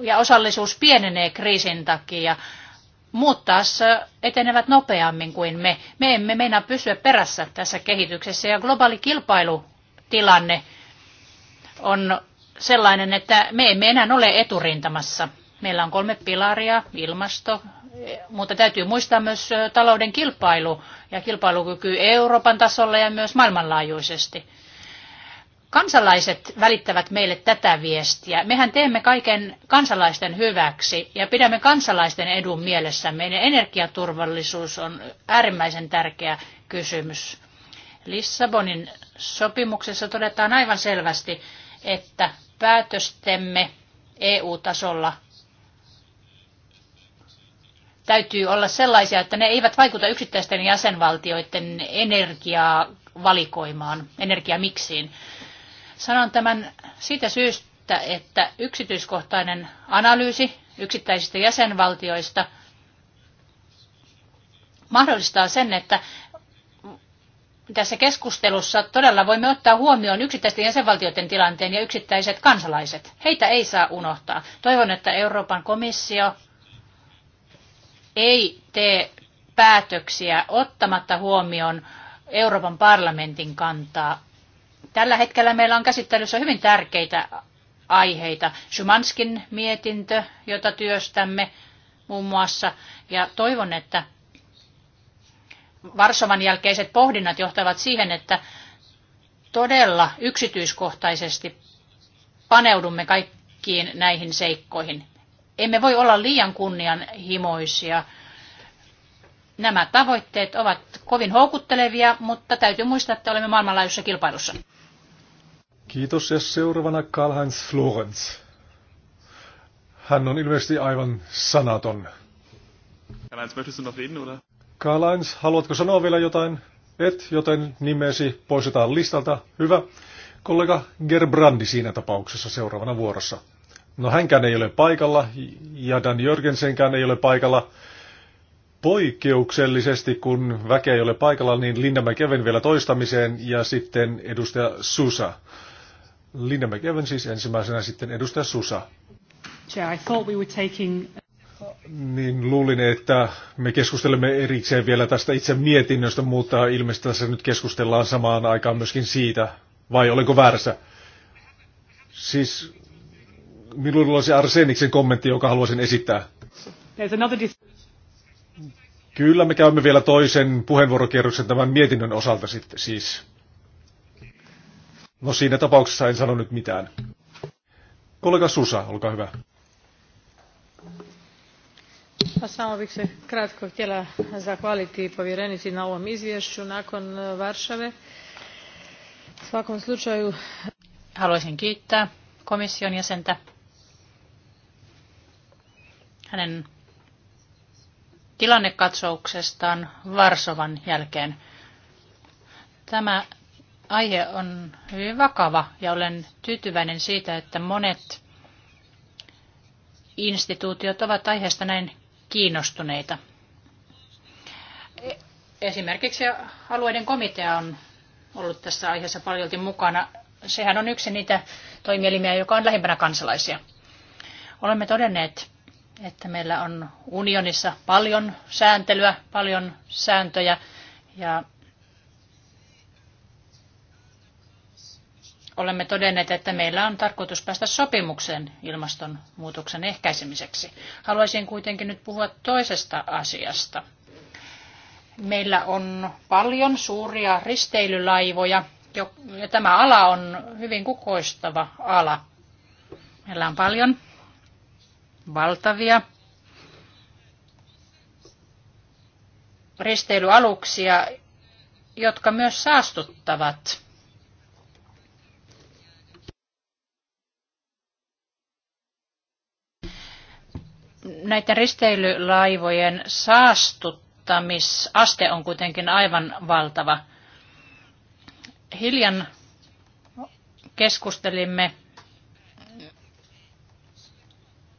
ja osallisuus pienenee kriisin takia. Muut taas äh, etenevät nopeammin kuin me. Me emme meinaa pysyä perässä tässä kehityksessä ja globaali kilpailutilanne – on sellainen, että me emme enää ole eturintamassa. Meillä on kolme pilaria, ilmasto, mutta täytyy muistaa myös talouden kilpailu ja kilpailukyky Euroopan tasolla ja myös maailmanlaajuisesti. Kansalaiset välittävät meille tätä viestiä. Mehän teemme kaiken kansalaisten hyväksi ja pidämme kansalaisten edun mielessä. Meidän energiaturvallisuus on äärimmäisen tärkeä kysymys. Lissabonin sopimuksessa todetaan aivan selvästi, että päätöstemme EU-tasolla täytyy olla sellaisia, että ne eivät vaikuta yksittäisten jäsenvaltioiden energiavalikoimaan, energiamiksiin. Sanon tämän siitä syystä, että yksityiskohtainen analyysi yksittäisistä jäsenvaltioista mahdollistaa sen, että tässä keskustelussa todella voimme ottaa huomioon yksittäisten jäsenvaltioiden tilanteen ja yksittäiset kansalaiset. Heitä ei saa unohtaa. Toivon, että Euroopan komissio ei tee päätöksiä ottamatta huomioon Euroopan parlamentin kantaa. Tällä hetkellä meillä on käsittelyssä hyvin tärkeitä aiheita. Schumanskin mietintö, jota työstämme muun muassa. Ja toivon, että Varsovan jälkeiset pohdinnat johtavat siihen, että todella yksityiskohtaisesti paneudumme kaikkiin näihin seikkoihin. Emme voi olla liian kunnianhimoisia. Nämä tavoitteet ovat kovin houkuttelevia, mutta täytyy muistaa, että olemme maailmanlaajuisessa kilpailussa. Kiitos ja seuraavana Karl-Heinz Florenz. Hän on ilmeisesti aivan sanaton. Karl-Heinz, möchtest du noch reden, oder? karl haluatko sanoa vielä jotain? Et, joten nimesi poistetaan listalta. Hyvä. Kollega Gerbrandi siinä tapauksessa seuraavana vuorossa. No hänkään ei ole paikalla, ja Dan Jörgensenkään ei ole paikalla. Poikkeuksellisesti, kun väkeä ei ole paikalla, niin Linda McEwen vielä toistamiseen, ja sitten edustaja Susa. Linda McEwen siis ensimmäisenä, sitten edustaja Susa. Chair, I thought we were taking niin luulin, että me keskustelemme erikseen vielä tästä itse mietinnöstä, mutta ilmeisesti tässä nyt keskustellaan samaan aikaan myöskin siitä, vai olenko väärässä? Siis minulla olisi Arseniksen kommentti, joka haluaisin esittää. Kyllä, me käymme vielä toisen puheenvuorokierroksen tämän mietinnön osalta sitten siis. No siinä tapauksessa en sano nyt mitään. Kollega Susa, olkaa hyvä samo bih se kratko htjela zahvaliti povjerenici na ovom izvješću nakon e, varšave. u svakom slučaju haluaisin kiittää komission jäsentä hänen tilannekatsauksestaan Varsovan jälkeen. Tämä aihe on hyvin vakava ja olen tyytyväinen siitä, että monet instituutiot ovat aiheesta näin kiinnostuneita. Esimerkiksi alueiden komitea on ollut tässä aiheessa paljolti mukana. Sehän on yksi niitä toimielimiä, joka on lähimpänä kansalaisia. Olemme todenneet, että meillä on unionissa paljon sääntelyä, paljon sääntöjä ja olemme todenneet, että meillä on tarkoitus päästä sopimukseen ilmastonmuutoksen ehkäisemiseksi. Haluaisin kuitenkin nyt puhua toisesta asiasta. Meillä on paljon suuria risteilylaivoja, ja tämä ala on hyvin kukoistava ala. Meillä on paljon valtavia risteilyaluksia, jotka myös saastuttavat – näiden risteilylaivojen saastuttamisaste on kuitenkin aivan valtava. Hiljan keskustelimme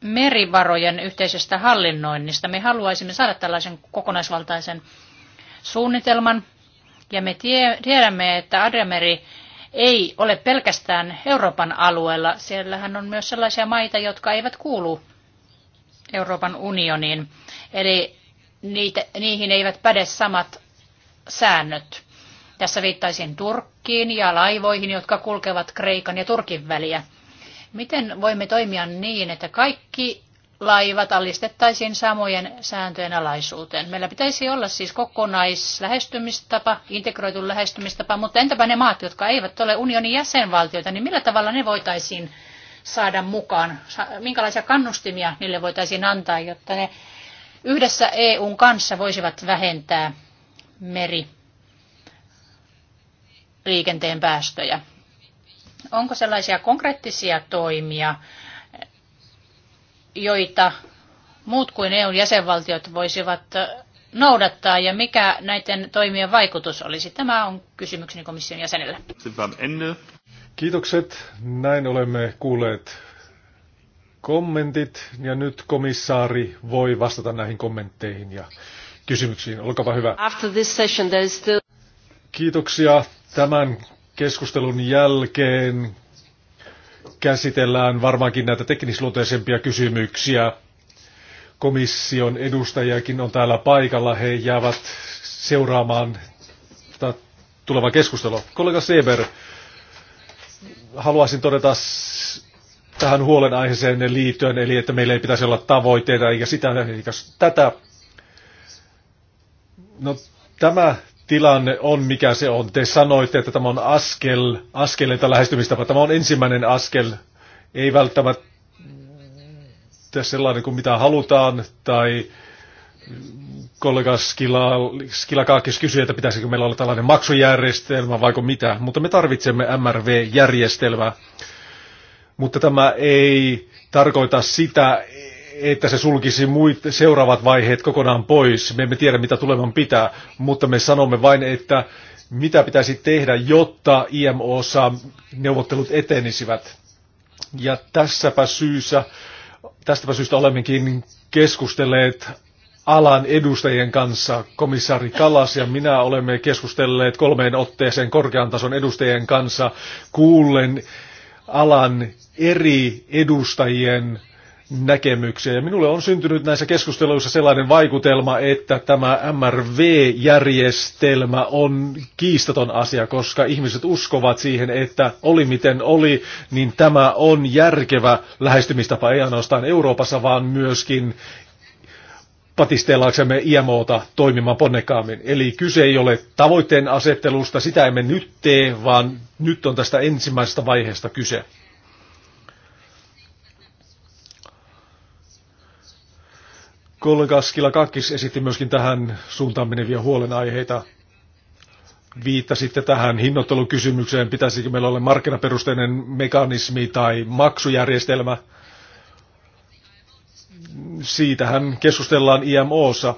merivarojen yhteisestä hallinnoinnista. Me haluaisimme saada tällaisen kokonaisvaltaisen suunnitelman. Ja me tie, tiedämme, että Adriameri ei ole pelkästään Euroopan alueella. Siellähän on myös sellaisia maita, jotka eivät kuulu Euroopan unioniin. Eli niitä, niihin eivät päde samat säännöt. Tässä viittaisin Turkkiin ja laivoihin, jotka kulkevat Kreikan ja Turkin väliä. Miten voimme toimia niin, että kaikki laivat alistettaisiin samojen sääntöjen alaisuuteen? Meillä pitäisi olla siis kokonaislähestymistapa, integroitu lähestymistapa, mutta entäpä ne maat, jotka eivät ole unionin jäsenvaltioita, niin millä tavalla ne voitaisiin saada mukaan? Minkälaisia kannustimia niille voitaisiin antaa, jotta ne yhdessä EUn kanssa voisivat vähentää meri liikenteen päästöjä? Onko sellaisia konkreettisia toimia, joita muut kuin EUn jäsenvaltiot voisivat noudattaa ja mikä näiden toimien vaikutus olisi? Tämä on kysymykseni komission jäsenelle. Kiitokset. Näin olemme kuulleet kommentit ja nyt komissaari voi vastata näihin kommentteihin ja kysymyksiin. Olkaa hyvä. After this session, still... Kiitoksia. Tämän keskustelun jälkeen käsitellään varmaankin näitä teknisluonteisempia kysymyksiä. Komission edustajakin on täällä paikalla. He jäävät seuraamaan tulevaa keskustelua. Kollega Seber, haluaisin todeta tähän huolenaiheeseen liittyen, eli että meillä ei pitäisi olla tavoitteita eikä sitä eikä tätä. No, tämä tilanne on mikä se on. Te sanoitte, että tämä on askel, askeleita lähestymistapa. Tämä on ensimmäinen askel. Ei välttämättä sellainen kuin mitä halutaan tai kollega Skila, Skilakaakis kysyi, että pitäisikö meillä olla tällainen maksujärjestelmä vaiko mitä, mutta me tarvitsemme MRV-järjestelmää. Mutta tämä ei tarkoita sitä, että se sulkisi muut seuraavat vaiheet kokonaan pois. Me emme tiedä, mitä tuleman pitää, mutta me sanomme vain, että mitä pitäisi tehdä, jotta IMOssa neuvottelut etenisivät. Ja tässäpä syystä, tästäpä syystä olemmekin keskustelleet alan edustajien kanssa. Komissaari Kalas ja minä olemme keskustelleet kolmeen otteeseen korkean tason edustajien kanssa kuullen alan eri edustajien näkemyksiä. Ja minulle on syntynyt näissä keskusteluissa sellainen vaikutelma, että tämä MRV-järjestelmä on kiistaton asia, koska ihmiset uskovat siihen, että oli miten oli, niin tämä on järkevä lähestymistapa ei ainoastaan Euroopassa, vaan myöskin patisteellaaksemme IMOta toimimaan ponnekaammin. Eli kyse ei ole tavoitteen asettelusta, sitä emme nyt tee, vaan nyt on tästä ensimmäisestä vaiheesta kyse. Kollega Skila Kakkis esitti myöskin tähän suuntaan meneviä huolenaiheita. Viittasitte tähän hinnoittelukysymykseen, pitäisikö meillä olla markkinaperusteinen mekanismi tai maksujärjestelmä – siitähän keskustellaan IMOssa.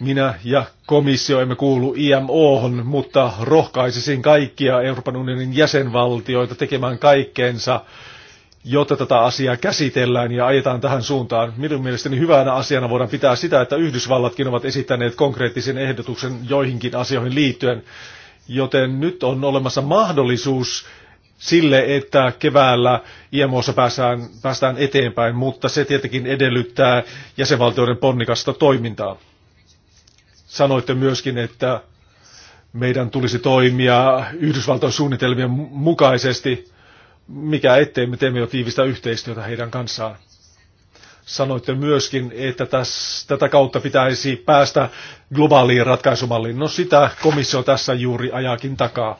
Minä ja komissio emme kuulu IMOhon, mutta rohkaisisin kaikkia Euroopan unionin jäsenvaltioita tekemään kaikkeensa, jotta tätä asiaa käsitellään ja ajetaan tähän suuntaan. Minun mielestäni hyvänä asiana voidaan pitää sitä, että Yhdysvallatkin ovat esittäneet konkreettisen ehdotuksen joihinkin asioihin liittyen. Joten nyt on olemassa mahdollisuus sille, että keväällä IMOssa päästään, päästään eteenpäin, mutta se tietenkin edellyttää jäsenvaltioiden ponnikasta toimintaa. Sanoitte myöskin, että meidän tulisi toimia Yhdysvaltojen suunnitelmien mukaisesti, mikä ettei me teemme jo tiivistä yhteistyötä heidän kanssaan. Sanoitte myöskin, että täs, tätä kautta pitäisi päästä globaaliin ratkaisumalliin. No sitä komissio tässä juuri ajakin takaa.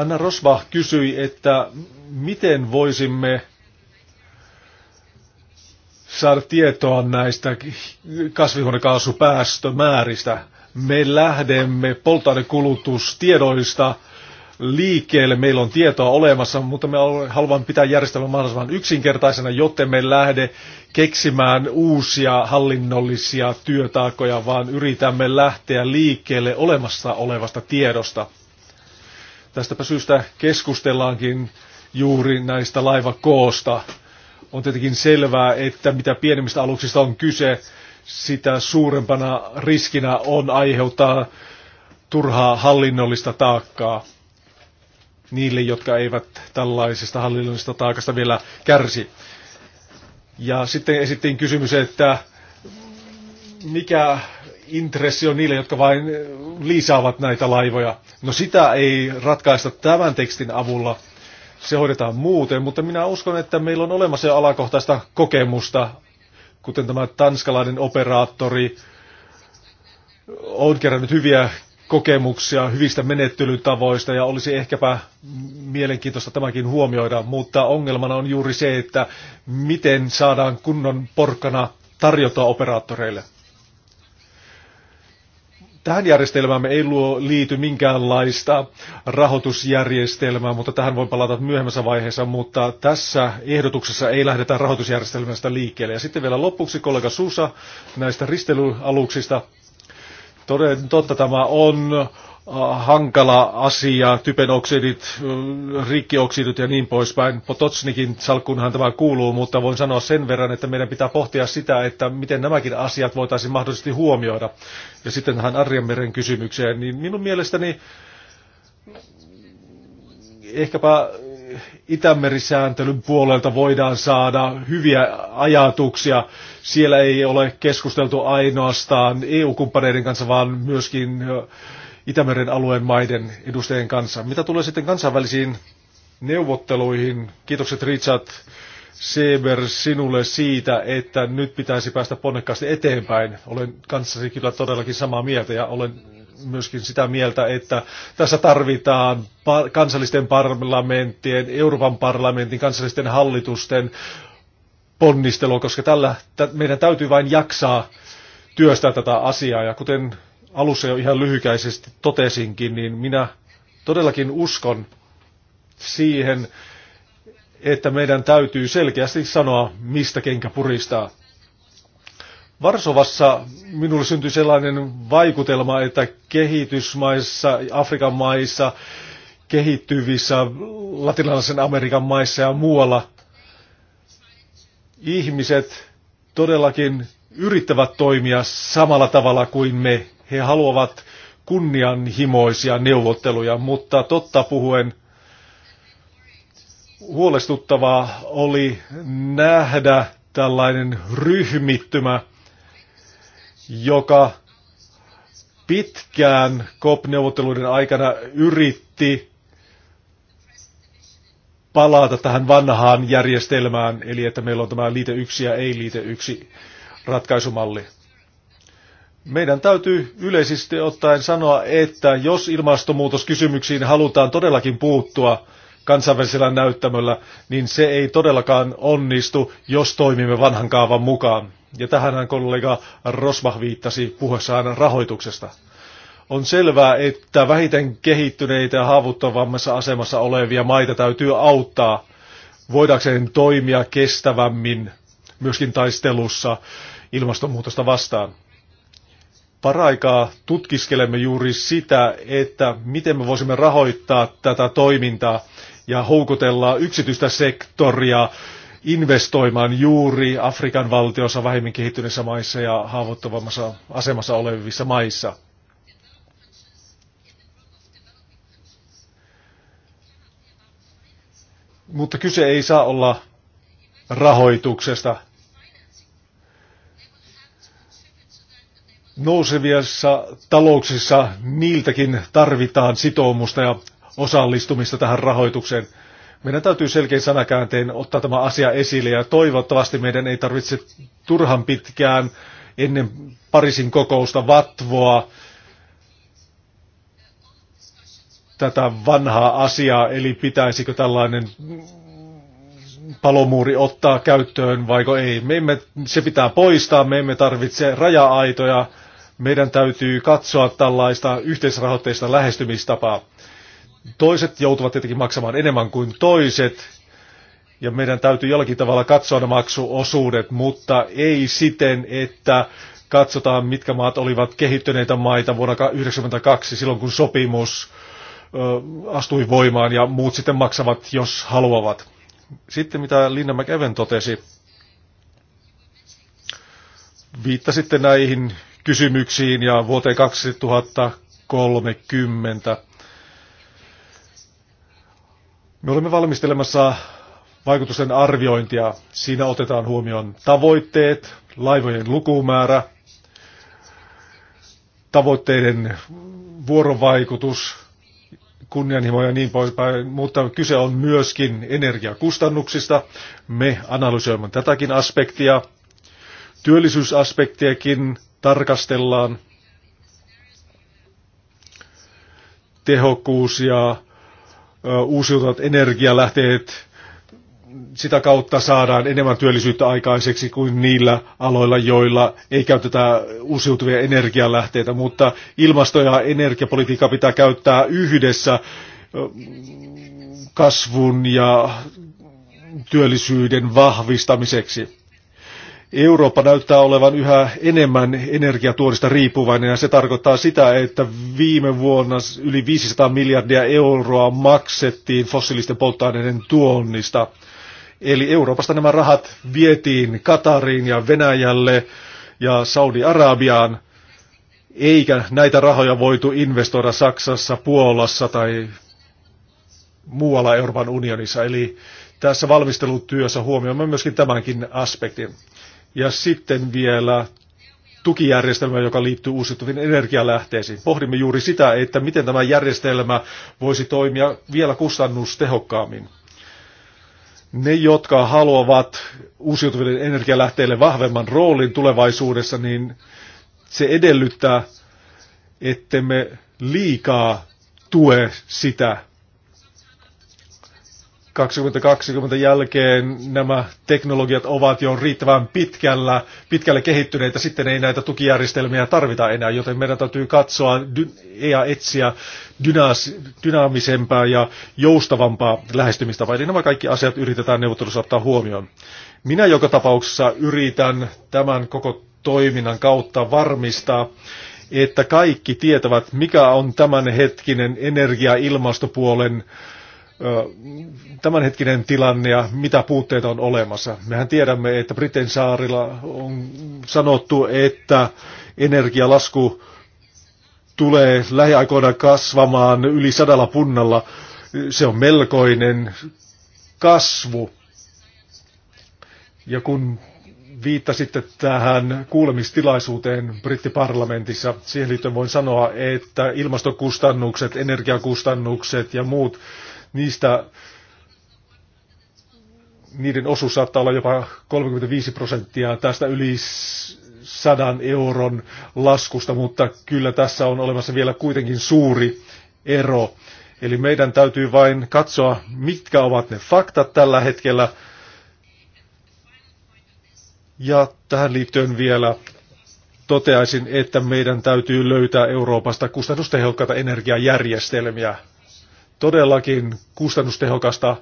Anna Rosva kysyi, että miten voisimme saada tietoa näistä kasvihuonekaasupäästömääristä. Me lähdemme polttoainekulutustiedoista liikkeelle. Meillä on tietoa olemassa, mutta me haluamme pitää järjestelmän mahdollisimman yksinkertaisena, jotta me lähde keksimään uusia hallinnollisia työtaakoja, vaan yritämme lähteä liikkeelle olemassa olevasta tiedosta. Tästäpä syystä keskustellaankin juuri näistä laivakoosta. On tietenkin selvää, että mitä pienemmistä aluksista on kyse, sitä suurempana riskinä on aiheuttaa turhaa hallinnollista taakkaa niille, jotka eivät tällaisesta hallinnollisesta taakasta vielä kärsi. Ja sitten esittiin kysymys, että mikä intressi on niille, jotka vain eh, liisaavat näitä laivoja. No sitä ei ratkaista tämän tekstin avulla. Se hoidetaan muuten, mutta minä uskon, että meillä on olemassa jo alakohtaista kokemusta, kuten tämä tanskalainen operaattori on kerännyt hyviä kokemuksia hyvistä menettelytavoista ja olisi ehkäpä mielenkiintoista tämäkin huomioida, mutta ongelmana on juuri se, että miten saadaan kunnon porkkana tarjota operaattoreille. Tähän järjestelmäämme ei luo liity minkäänlaista rahoitusjärjestelmää, mutta tähän voi palata myöhemmässä vaiheessa, mutta tässä ehdotuksessa ei lähdetä rahoitusjärjestelmästä liikkeelle. Ja sitten vielä lopuksi kollega Susa näistä ristelyaluksista. Toden totta tämä on hankala asia, typenoksidit, rikkioksidit ja niin poispäin. Potocnikin salkkuunhan tämä kuuluu, mutta voin sanoa sen verran, että meidän pitää pohtia sitä, että miten nämäkin asiat voitaisiin mahdollisesti huomioida. Ja sitten tähän Arjanmeren kysymykseen, niin minun mielestäni ehkäpä Itämerisääntelyn puolelta voidaan saada hyviä ajatuksia. Siellä ei ole keskusteltu ainoastaan EU-kumppaneiden kanssa, vaan myöskin Itämeren alueen maiden edustajien kanssa. Mitä tulee sitten kansainvälisiin neuvotteluihin, kiitokset Richard Seber sinulle siitä, että nyt pitäisi päästä ponnekkaasti eteenpäin. Olen kanssasi kyllä todellakin samaa mieltä ja olen myöskin sitä mieltä, että tässä tarvitaan kansallisten parlamenttien, Euroopan parlamentin, kansallisten hallitusten ponnistelua, koska tällä meidän täytyy vain jaksaa työstää tätä asiaa. Ja kuten alussa jo ihan lyhykäisesti totesinkin, niin minä todellakin uskon siihen, että meidän täytyy selkeästi sanoa, mistä kenkä puristaa. Varsovassa minulle syntyi sellainen vaikutelma, että kehitysmaissa, Afrikan maissa, kehittyvissä latinalaisen Amerikan maissa ja muualla ihmiset todellakin yrittävät toimia samalla tavalla kuin me he haluavat kunnianhimoisia neuvotteluja, mutta totta puhuen huolestuttavaa oli nähdä tällainen ryhmittymä, joka pitkään COP-neuvotteluiden aikana yritti palata tähän vanhaan järjestelmään, eli että meillä on tämä liite 1 ja ei liite 1 ratkaisumalli. Meidän täytyy yleisesti ottaen sanoa, että jos ilmastonmuutoskysymyksiin halutaan todellakin puuttua kansainvälisellä näyttämöllä, niin se ei todellakaan onnistu, jos toimimme vanhan kaavan mukaan. Ja tähänhän kollega Rosbach viittasi puheessaan rahoituksesta. On selvää, että vähiten kehittyneitä ja haavuttavammassa asemassa olevia maita täytyy auttaa voidakseen toimia kestävämmin myöskin taistelussa ilmastonmuutosta vastaan paraikaa tutkiskelemme juuri sitä, että miten me voisimme rahoittaa tätä toimintaa ja houkutella yksityistä sektoria investoimaan juuri Afrikan valtioissa, vähemmän kehittyneissä maissa ja haavoittuvammassa asemassa olevissa maissa. Mutta kyse ei saa olla rahoituksesta. nousevissa talouksissa niiltäkin tarvitaan sitoumusta ja osallistumista tähän rahoitukseen. Meidän täytyy selkein sanakääntein ottaa tämä asia esille ja toivottavasti meidän ei tarvitse turhan pitkään ennen Pariisin kokousta vatvoa tätä vanhaa asiaa, eli pitäisikö tällainen palomuuri ottaa käyttöön vaiko ei. Me emme, se pitää poistaa, me emme tarvitse raja-aitoja, meidän täytyy katsoa tällaista yhteisrahoitteista lähestymistapaa. Toiset joutuvat tietenkin maksamaan enemmän kuin toiset, ja meidän täytyy jollakin tavalla katsoa ne maksuosuudet, mutta ei siten, että katsotaan, mitkä maat olivat kehittyneitä maita vuonna 1992, silloin kun sopimus astui voimaan ja muut sitten maksavat, jos haluavat. Sitten mitä Linna McEwen totesi, viittasitte näihin kysymyksiin ja vuoteen 2030. Me olemme valmistelemassa vaikutusten arviointia. Siinä otetaan huomioon tavoitteet, laivojen lukumäärä, tavoitteiden vuorovaikutus, kunnianhimo ja niin poispäin, mutta kyse on myöskin energiakustannuksista. Me analysoimme tätäkin aspektia, työllisyysaspektiakin tarkastellaan tehokkuus ja uusiutuvat energialähteet, sitä kautta saadaan enemmän työllisyyttä aikaiseksi kuin niillä aloilla, joilla ei käytetä uusiutuvia energialähteitä, mutta ilmasto- ja energiapolitiikka pitää käyttää yhdessä kasvun ja työllisyyden vahvistamiseksi. Eurooppa näyttää olevan yhä enemmän energiatuorista riippuvainen ja se tarkoittaa sitä, että viime vuonna yli 500 miljardia euroa maksettiin fossiilisten polttoaineiden tuonnista. Eli Euroopasta nämä rahat vietiin Katariin ja Venäjälle ja Saudi-Arabiaan, eikä näitä rahoja voitu investoida Saksassa, Puolassa tai muualla Euroopan unionissa. Eli tässä valmistelutyössä huomioimme myöskin tämänkin aspektin. Ja sitten vielä tukijärjestelmä, joka liittyy uusiutuviin energialähteisiin. Pohdimme juuri sitä, että miten tämä järjestelmä voisi toimia vielä kustannustehokkaammin. Ne, jotka haluavat uusiutuville energialähteille vahvemman roolin tulevaisuudessa, niin se edellyttää, ettemme liikaa tue sitä. 2020 jälkeen nämä teknologiat ovat jo riittävän pitkällä, pitkälle kehittyneitä, sitten ei näitä tukijärjestelmiä tarvita enää, joten meidän täytyy katsoa ja etsiä dynaas, dynaamisempaa ja joustavampaa lähestymistapaa. vai nämä kaikki asiat yritetään neuvottelussa ottaa huomioon. Minä joka tapauksessa yritän tämän koko toiminnan kautta varmistaa, että kaikki tietävät, mikä on tämänhetkinen energia- ilmastopuolen tämänhetkinen tilanne ja mitä puutteita on olemassa. Mehän tiedämme, että Briten saarilla on sanottu, että energialasku tulee lähiaikoina kasvamaan yli sadalla punnalla. Se on melkoinen kasvu. Ja kun viittasitte tähän kuulemistilaisuuteen brittiparlamentissa. Siihen liittyen voin sanoa, että ilmastokustannukset, energiakustannukset ja muut niistä niiden osuus saattaa olla jopa 35 prosenttia tästä yli 100 euron laskusta, mutta kyllä tässä on olemassa vielä kuitenkin suuri ero. Eli meidän täytyy vain katsoa, mitkä ovat ne faktat tällä hetkellä. Ja tähän liittyen vielä toteaisin, että meidän täytyy löytää Euroopasta kustannustehokkaita energiajärjestelmiä todellakin kustannustehokasta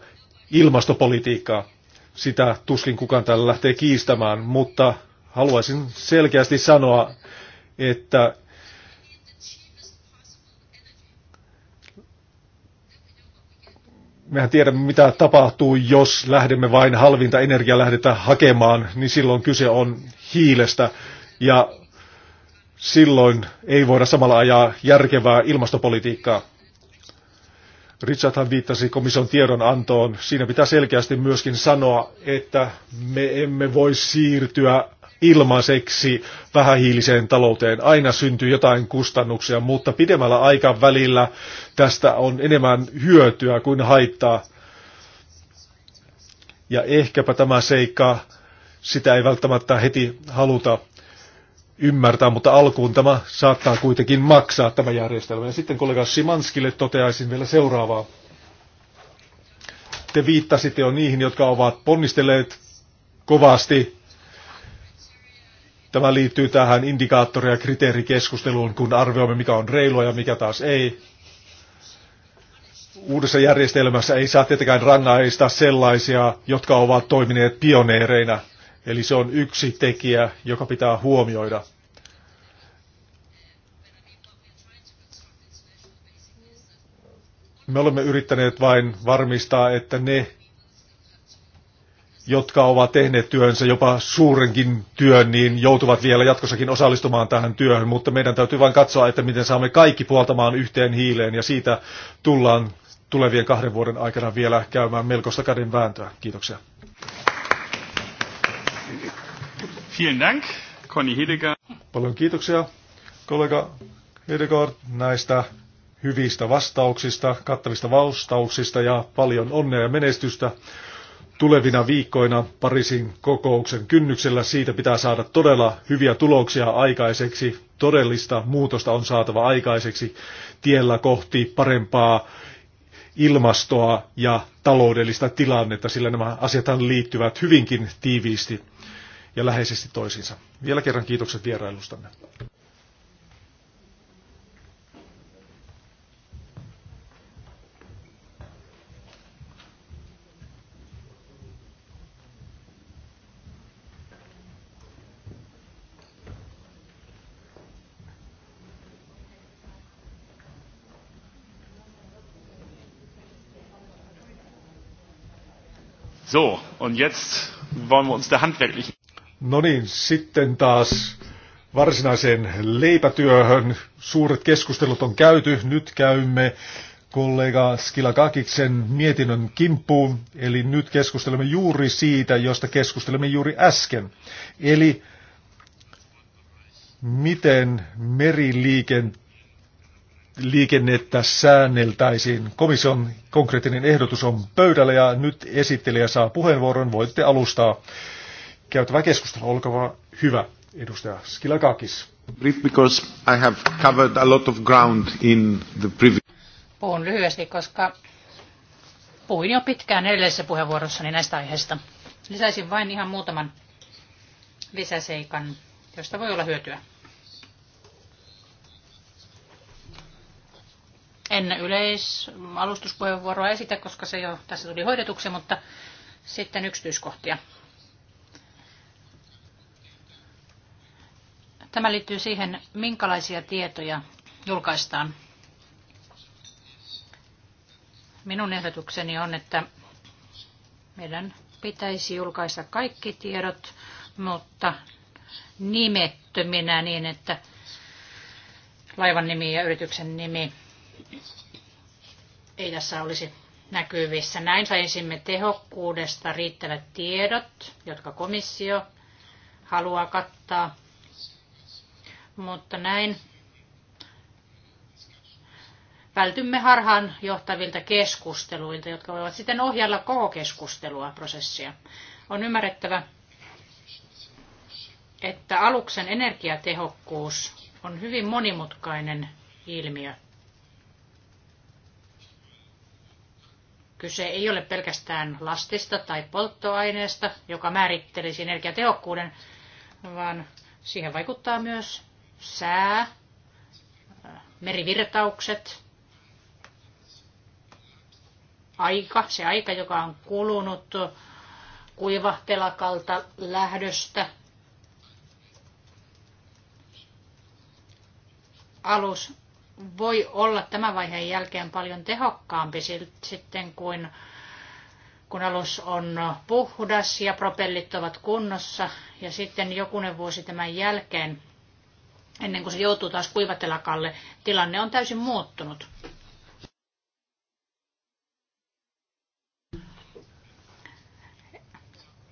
ilmastopolitiikkaa. Sitä tuskin kukaan täällä lähtee kiistämään, mutta haluaisin selkeästi sanoa, että mehän tiedämme, mitä tapahtuu, jos lähdemme vain halvinta energiaa lähdetä hakemaan, niin silloin kyse on hiilestä. Ja silloin ei voida samalla ajaa järkevää ilmastopolitiikkaa. Richardhan viittasi komission tiedonantoon. Siinä pitää selkeästi myöskin sanoa, että me emme voi siirtyä ilmaiseksi vähähiiliseen talouteen. Aina syntyy jotain kustannuksia, mutta pidemmällä aikavälillä tästä on enemmän hyötyä kuin haittaa. Ja ehkäpä tämä seikka, sitä ei välttämättä heti haluta ymmärtää, mutta alkuun tämä saattaa kuitenkin maksaa tämä järjestelmä. Ja sitten kollega Simanskille toteaisin vielä seuraavaa. Te viittasitte jo niihin, jotka ovat ponnistelleet kovasti. Tämä liittyy tähän indikaattori- ja kriteerikeskusteluun, kun arvioimme, mikä on reilua ja mikä taas ei. Uudessa järjestelmässä ei saa tietenkään rangaista sellaisia, jotka ovat toimineet pioneereina – Eli se on yksi tekijä, joka pitää huomioida. Me olemme yrittäneet vain varmistaa, että ne, jotka ovat tehneet työnsä, jopa suurenkin työn, niin joutuvat vielä jatkossakin osallistumaan tähän työhön, mutta meidän täytyy vain katsoa, että miten saamme kaikki puoltamaan yhteen hiileen, ja siitä tullaan tulevien kahden vuoden aikana vielä käymään melkoista käden vääntöä. Kiitoksia. Vielen Dank, Conny Hedegaard. Paljon kiitoksia, kollega Hedegaard, näistä hyvistä vastauksista, kattavista vastauksista ja paljon onnea ja menestystä tulevina viikkoina Pariisin kokouksen kynnyksellä. Siitä pitää saada todella hyviä tuloksia aikaiseksi. Todellista muutosta on saatava aikaiseksi tiellä kohti parempaa ilmastoa ja taloudellista tilannetta, sillä nämä asiat liittyvät hyvinkin tiiviisti ja läheisesti toisiinsa. Vielä kerran kiitokset vierailustanne. So, und jetzt wollen wir uns der handwerklichen. No niin, sitten taas varsinaiseen leipätyöhön. Suuret keskustelut on käyty. Nyt käymme kollega Kakiksen mietinnön kimppuun. Eli nyt keskustelemme juuri siitä, josta keskustelemme juuri äsken. Eli miten meriliikennettä säänneltäisiin. Komission konkreettinen ehdotus on pöydällä ja nyt esittelijä saa puheenvuoron. Voitte alustaa käytävä keskustelu. Olkaa hyvä, edustaja Skilakakis. Brief because I have covered a lot of ground in the previous... Puhun lyhyesti, koska puhuin jo pitkään edellisessä puheenvuorossani näistä aiheista. Lisäisin vain ihan muutaman lisäseikan, josta voi olla hyötyä. En yleisalustuspuheenvuoroa esitä, koska se jo tässä tuli hoidetuksi, mutta sitten yksityiskohtia. Tämä liittyy siihen, minkälaisia tietoja julkaistaan. Minun ehdotukseni on, että meidän pitäisi julkaista kaikki tiedot, mutta nimettöminä niin, että laivan nimi ja yrityksen nimi ei tässä olisi näkyvissä. Näin saisimme tehokkuudesta riittävät tiedot, jotka komissio haluaa kattaa mutta näin vältymme harhaan johtavilta keskusteluilta, jotka voivat sitten ohjalla koko keskustelua, prosessia. On ymmärrettävä, että aluksen energiatehokkuus on hyvin monimutkainen ilmiö. Kyse ei ole pelkästään lastista tai polttoaineesta, joka määrittelisi energiatehokkuuden, vaan siihen vaikuttaa myös sää, äh, merivirtaukset, aika, se aika, joka on kulunut kuivahtelakalta lähdöstä, alus voi olla tämän vaiheen jälkeen paljon tehokkaampi sitten kuin kun alus on puhdas ja propellit ovat kunnossa ja sitten jokunen vuosi tämän jälkeen ennen kuin se joutuu taas kuivatelakalle. Tilanne on täysin muuttunut.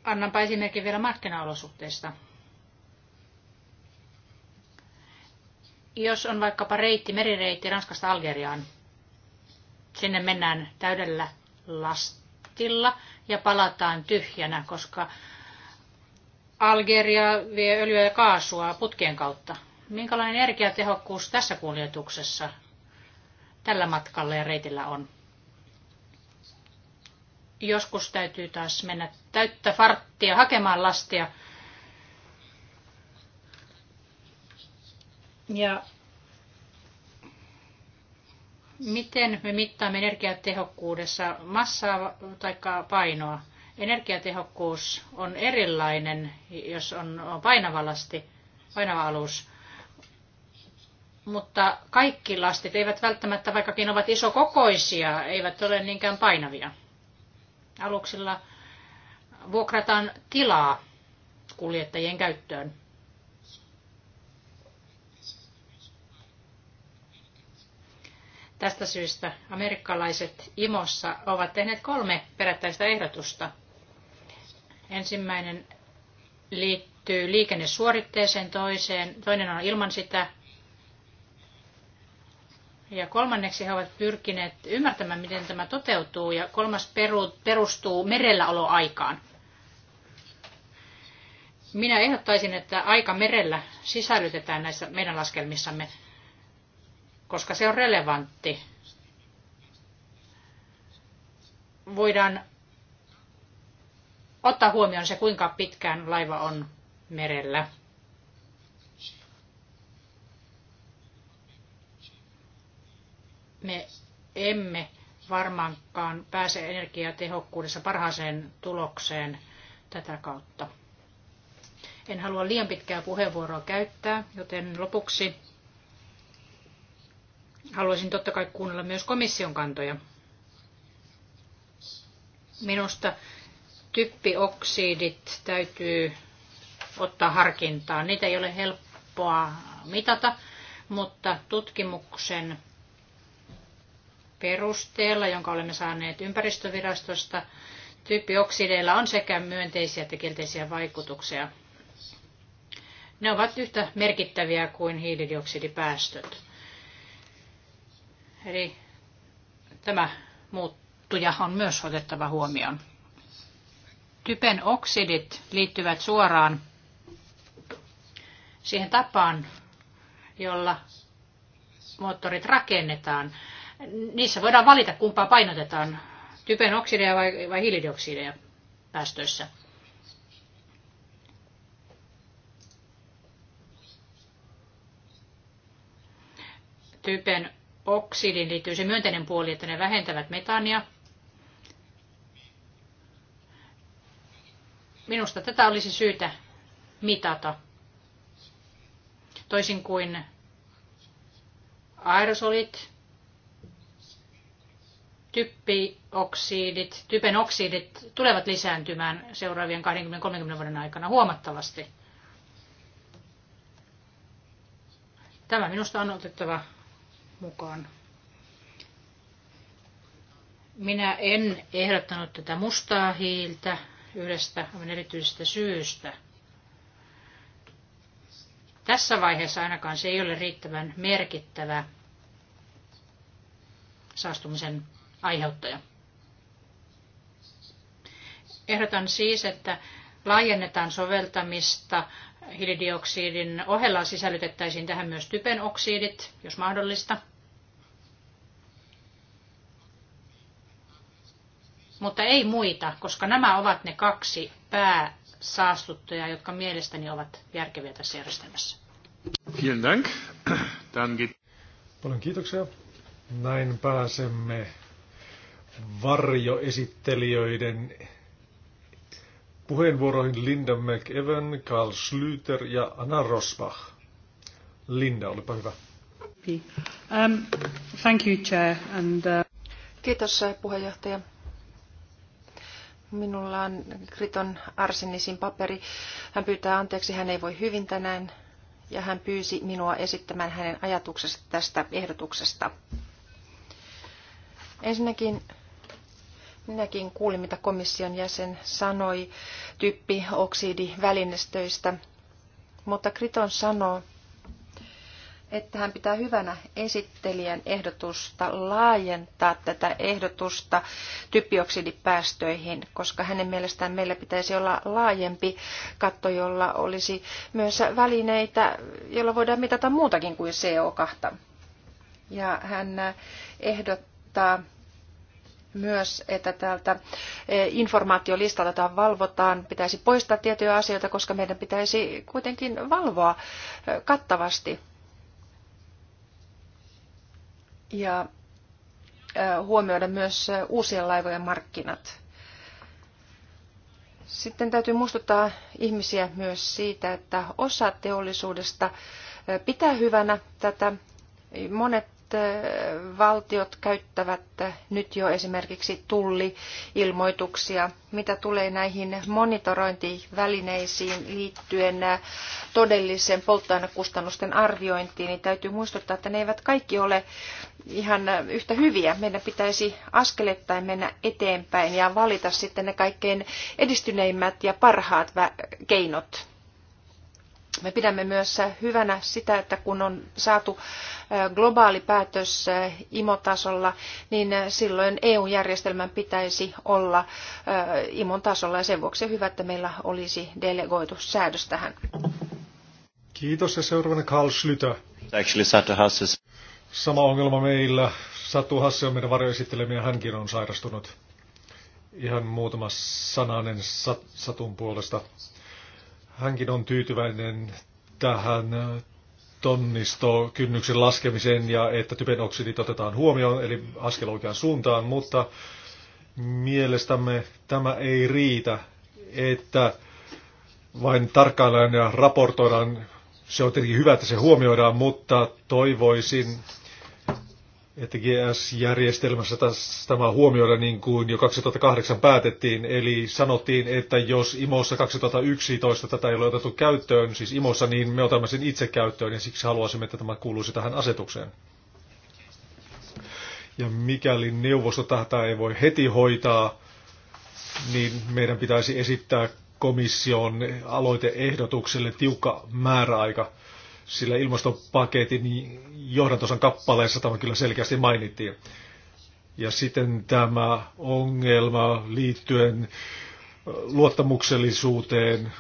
Annanpa esimerkin vielä markkinaolosuhteista. Jos on vaikkapa reitti, merireitti Ranskasta Algeriaan, sinne mennään täydellä lastilla ja palataan tyhjänä, koska Algeria vie öljyä ja kaasua putkien kautta. Minkälainen energiatehokkuus tässä kuljetuksessa tällä matkalla ja reitillä on? Joskus täytyy taas mennä täyttä farttia hakemaan lastia. Ja miten me mittaamme energiatehokkuudessa massaa tai painoa? Energiatehokkuus on erilainen, jos on painava lasti, painava alus mutta kaikki lastit eivät välttämättä, vaikkakin ovat isokokoisia, eivät ole niinkään painavia. Aluksilla vuokrataan tilaa kuljettajien käyttöön. Tästä syystä amerikkalaiset IMOssa ovat tehneet kolme perättäistä ehdotusta. Ensimmäinen liittyy liikennesuoritteeseen, toiseen, toinen on ilman sitä ja kolmanneksi he ovat pyrkineet ymmärtämään, miten tämä toteutuu. Ja kolmas perustuu merelläoloaikaan. Minä ehdottaisin, että aika merellä sisällytetään näissä meidän laskelmissamme, koska se on relevantti. Voidaan ottaa huomioon se, kuinka pitkään laiva on merellä. me emme varmaankaan pääse energiatehokkuudessa parhaaseen tulokseen tätä kautta. En halua liian pitkää puheenvuoroa käyttää, joten lopuksi haluaisin totta kai kuunnella myös komission kantoja. Minusta typpioksidit täytyy ottaa harkintaan. Niitä ei ole helppoa mitata, mutta tutkimuksen perusteella, jonka olemme saaneet ympäristövirastosta, tyyppioksideilla on sekä myönteisiä että kielteisiä vaikutuksia. Ne ovat yhtä merkittäviä kuin hiilidioksidipäästöt. Eli tämä muuttuja on myös otettava huomioon. Typen oksidit liittyvät suoraan siihen tapaan, jolla moottorit rakennetaan niissä voidaan valita, kumpaa painotetaan, typen oksideja vai, vai hiilidioksideja päästöissä. Typen oksidiin liittyy se myönteinen puoli, että ne vähentävät metania. Minusta tätä olisi syytä mitata. Toisin kuin aerosolit, typpioksidit, typen oksidit tulevat lisääntymään seuraavien 20-30 vuoden aikana huomattavasti. Tämä minusta on otettava mukaan. Minä en ehdottanut tätä mustaa hiiltä yhdestä erityisestä syystä. Tässä vaiheessa ainakaan se ei ole riittävän merkittävä saastumisen aiheuttaja. Ehdotan siis, että laajennetaan soveltamista hiilidioksidin ohella sisällytettäisiin tähän myös typen oksidit, jos mahdollista. Mutta ei muita, koska nämä ovat ne kaksi pääsaastuttajaa, jotka mielestäni ovat järkeviä tässä järjestelmässä. Paljon kiitoksia. Näin pääsemme varjoesittelijöiden puheenvuoroihin Linda McEwen, Carl Schlüter ja Anna Rosbach. Linda, olipa hyvä. Um, thank you, Chair. And, uh... Kiitos uh, puheenjohtaja. Minulla on Kriton Arsenisin paperi. Hän pyytää anteeksi, hän ei voi hyvin tänään ja hän pyysi minua esittämään hänen ajatuksensa tästä ehdotuksesta. Ensinnäkin Minäkin kuulin, mitä komission jäsen sanoi typpioksidivälinestöistä, mutta Kriton sanoo, että hän pitää hyvänä esittelijän ehdotusta laajentaa tätä ehdotusta typpioksidipäästöihin, koska hänen mielestään meillä pitäisi olla laajempi katto, jolla olisi myös välineitä, jolla voidaan mitata muutakin kuin CO2. Ja hän ehdottaa myös, että täältä eh, informaatiolistalta jota valvotaan, pitäisi poistaa tiettyjä asioita, koska meidän pitäisi kuitenkin valvoa eh, kattavasti. Ja eh, huomioida myös uusien laivojen markkinat. Sitten täytyy muistuttaa ihmisiä myös siitä, että osa teollisuudesta pitää hyvänä tätä. Monet valtiot käyttävät nyt jo esimerkiksi tulli-ilmoituksia, mitä tulee näihin monitorointivälineisiin liittyen todelliseen polttoainekustannusten arviointiin, niin täytyy muistuttaa, että ne eivät kaikki ole ihan yhtä hyviä. Meidän pitäisi askelettain mennä eteenpäin ja valita sitten ne kaikkein edistyneimmät ja parhaat keinot me pidämme myös hyvänä sitä, että kun on saatu globaali päätös IMO-tasolla, niin silloin EU-järjestelmän pitäisi olla IMOn tasolla ja sen vuoksi hyvä, että meillä olisi delegoitu säädös tähän. Kiitos ja seuraavana Karl Schlüter. Actually, Sama ongelma meillä. Satu Hasse on meidän varjoesittelemiä, hänkin on sairastunut. Ihan muutama sananen Satun puolesta. Hänkin on tyytyväinen tähän tonnistokynnyksen laskemiseen ja että typen oksidit otetaan huomioon, eli askel oikeaan suuntaan, mutta mielestämme tämä ei riitä, että vain tarkkaillaan ja raportoidaan. Se on tietenkin hyvä, että se huomioidaan, mutta toivoisin, että GS-järjestelmässä tämä huomioida niin kuin jo 2008 päätettiin, eli sanottiin, että jos IMOssa 2011 tätä ei ole otettu käyttöön, siis IMOssa, niin me otamme sen itse käyttöön ja siksi haluaisimme, että tämä kuuluisi tähän asetukseen. Ja mikäli neuvosto tätä ei voi heti hoitaa, niin meidän pitäisi esittää komission aloiteehdotukselle tiukka määräaika – sillä ilmastopaketin johdantosan kappaleessa tämä kyllä selkeästi mainittiin. Ja sitten tämä ongelma liittyen luottamuksellisuuteen,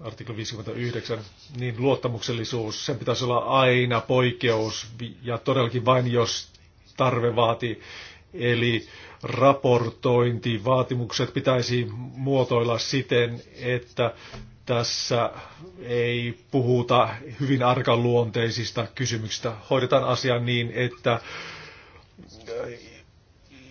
artikla 59, niin luottamuksellisuus, sen pitäisi olla aina poikkeus ja todellakin vain jos tarve vaatii. Eli raportointivaatimukset pitäisi muotoilla siten, että tässä ei puhuta hyvin arkaluonteisista kysymyksistä. Hoidetaan asia niin, että äh,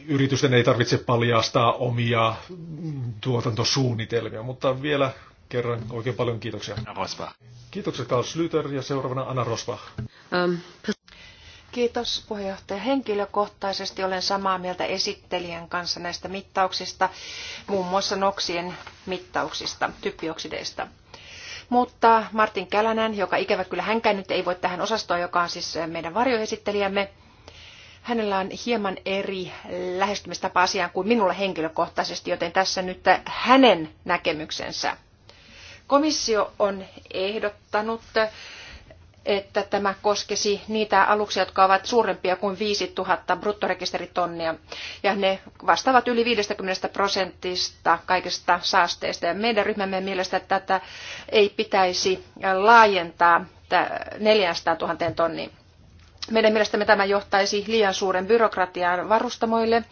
yritysten ei tarvitse paljastaa omia mm, tuotantosuunnitelmia, mutta vielä kerran oikein paljon kiitoksia. Rosbach. Kiitokset Karl Slyter ja seuraavana Anna Rosbach. Um, Kiitos puheenjohtaja. Henkilökohtaisesti olen samaa mieltä esittelijän kanssa näistä mittauksista, muun muassa noksien mittauksista, typpioksideista. Mutta Martin Kälänen, joka ikävä kyllä hänkään nyt ei voi tähän osastoon, joka on siis meidän varjoesittelijämme, hänellä on hieman eri lähestymistapa asiaan kuin minulla henkilökohtaisesti, joten tässä nyt hänen näkemyksensä. Komissio on ehdottanut että tämä koskisi niitä aluksia, jotka ovat suurempia kuin 5000 bruttorekisteritonnia. Ja ne vastaavat yli 50 prosentista kaikista saasteista. Ja meidän ryhmämme mielestä tätä ei pitäisi laajentaa 400 000 tonniin. Meidän mielestämme tämä johtaisi liian suuren byrokratiaan varustamoille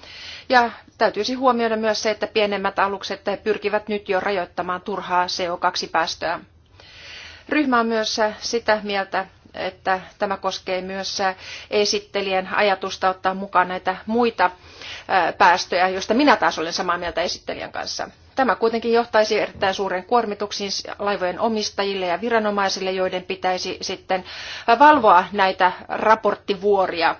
ja täytyisi huomioida myös se, että pienemmät alukset pyrkivät nyt jo rajoittamaan turhaa CO2-päästöä. Ryhmä on myös sitä mieltä, että tämä koskee myös esittelijän ajatusta ottaa mukaan näitä muita päästöjä, joista minä taas olen samaa mieltä esittelijän kanssa. Tämä kuitenkin johtaisi erittäin suuren kuormituksiin laivojen omistajille ja viranomaisille, joiden pitäisi sitten valvoa näitä raporttivuoria.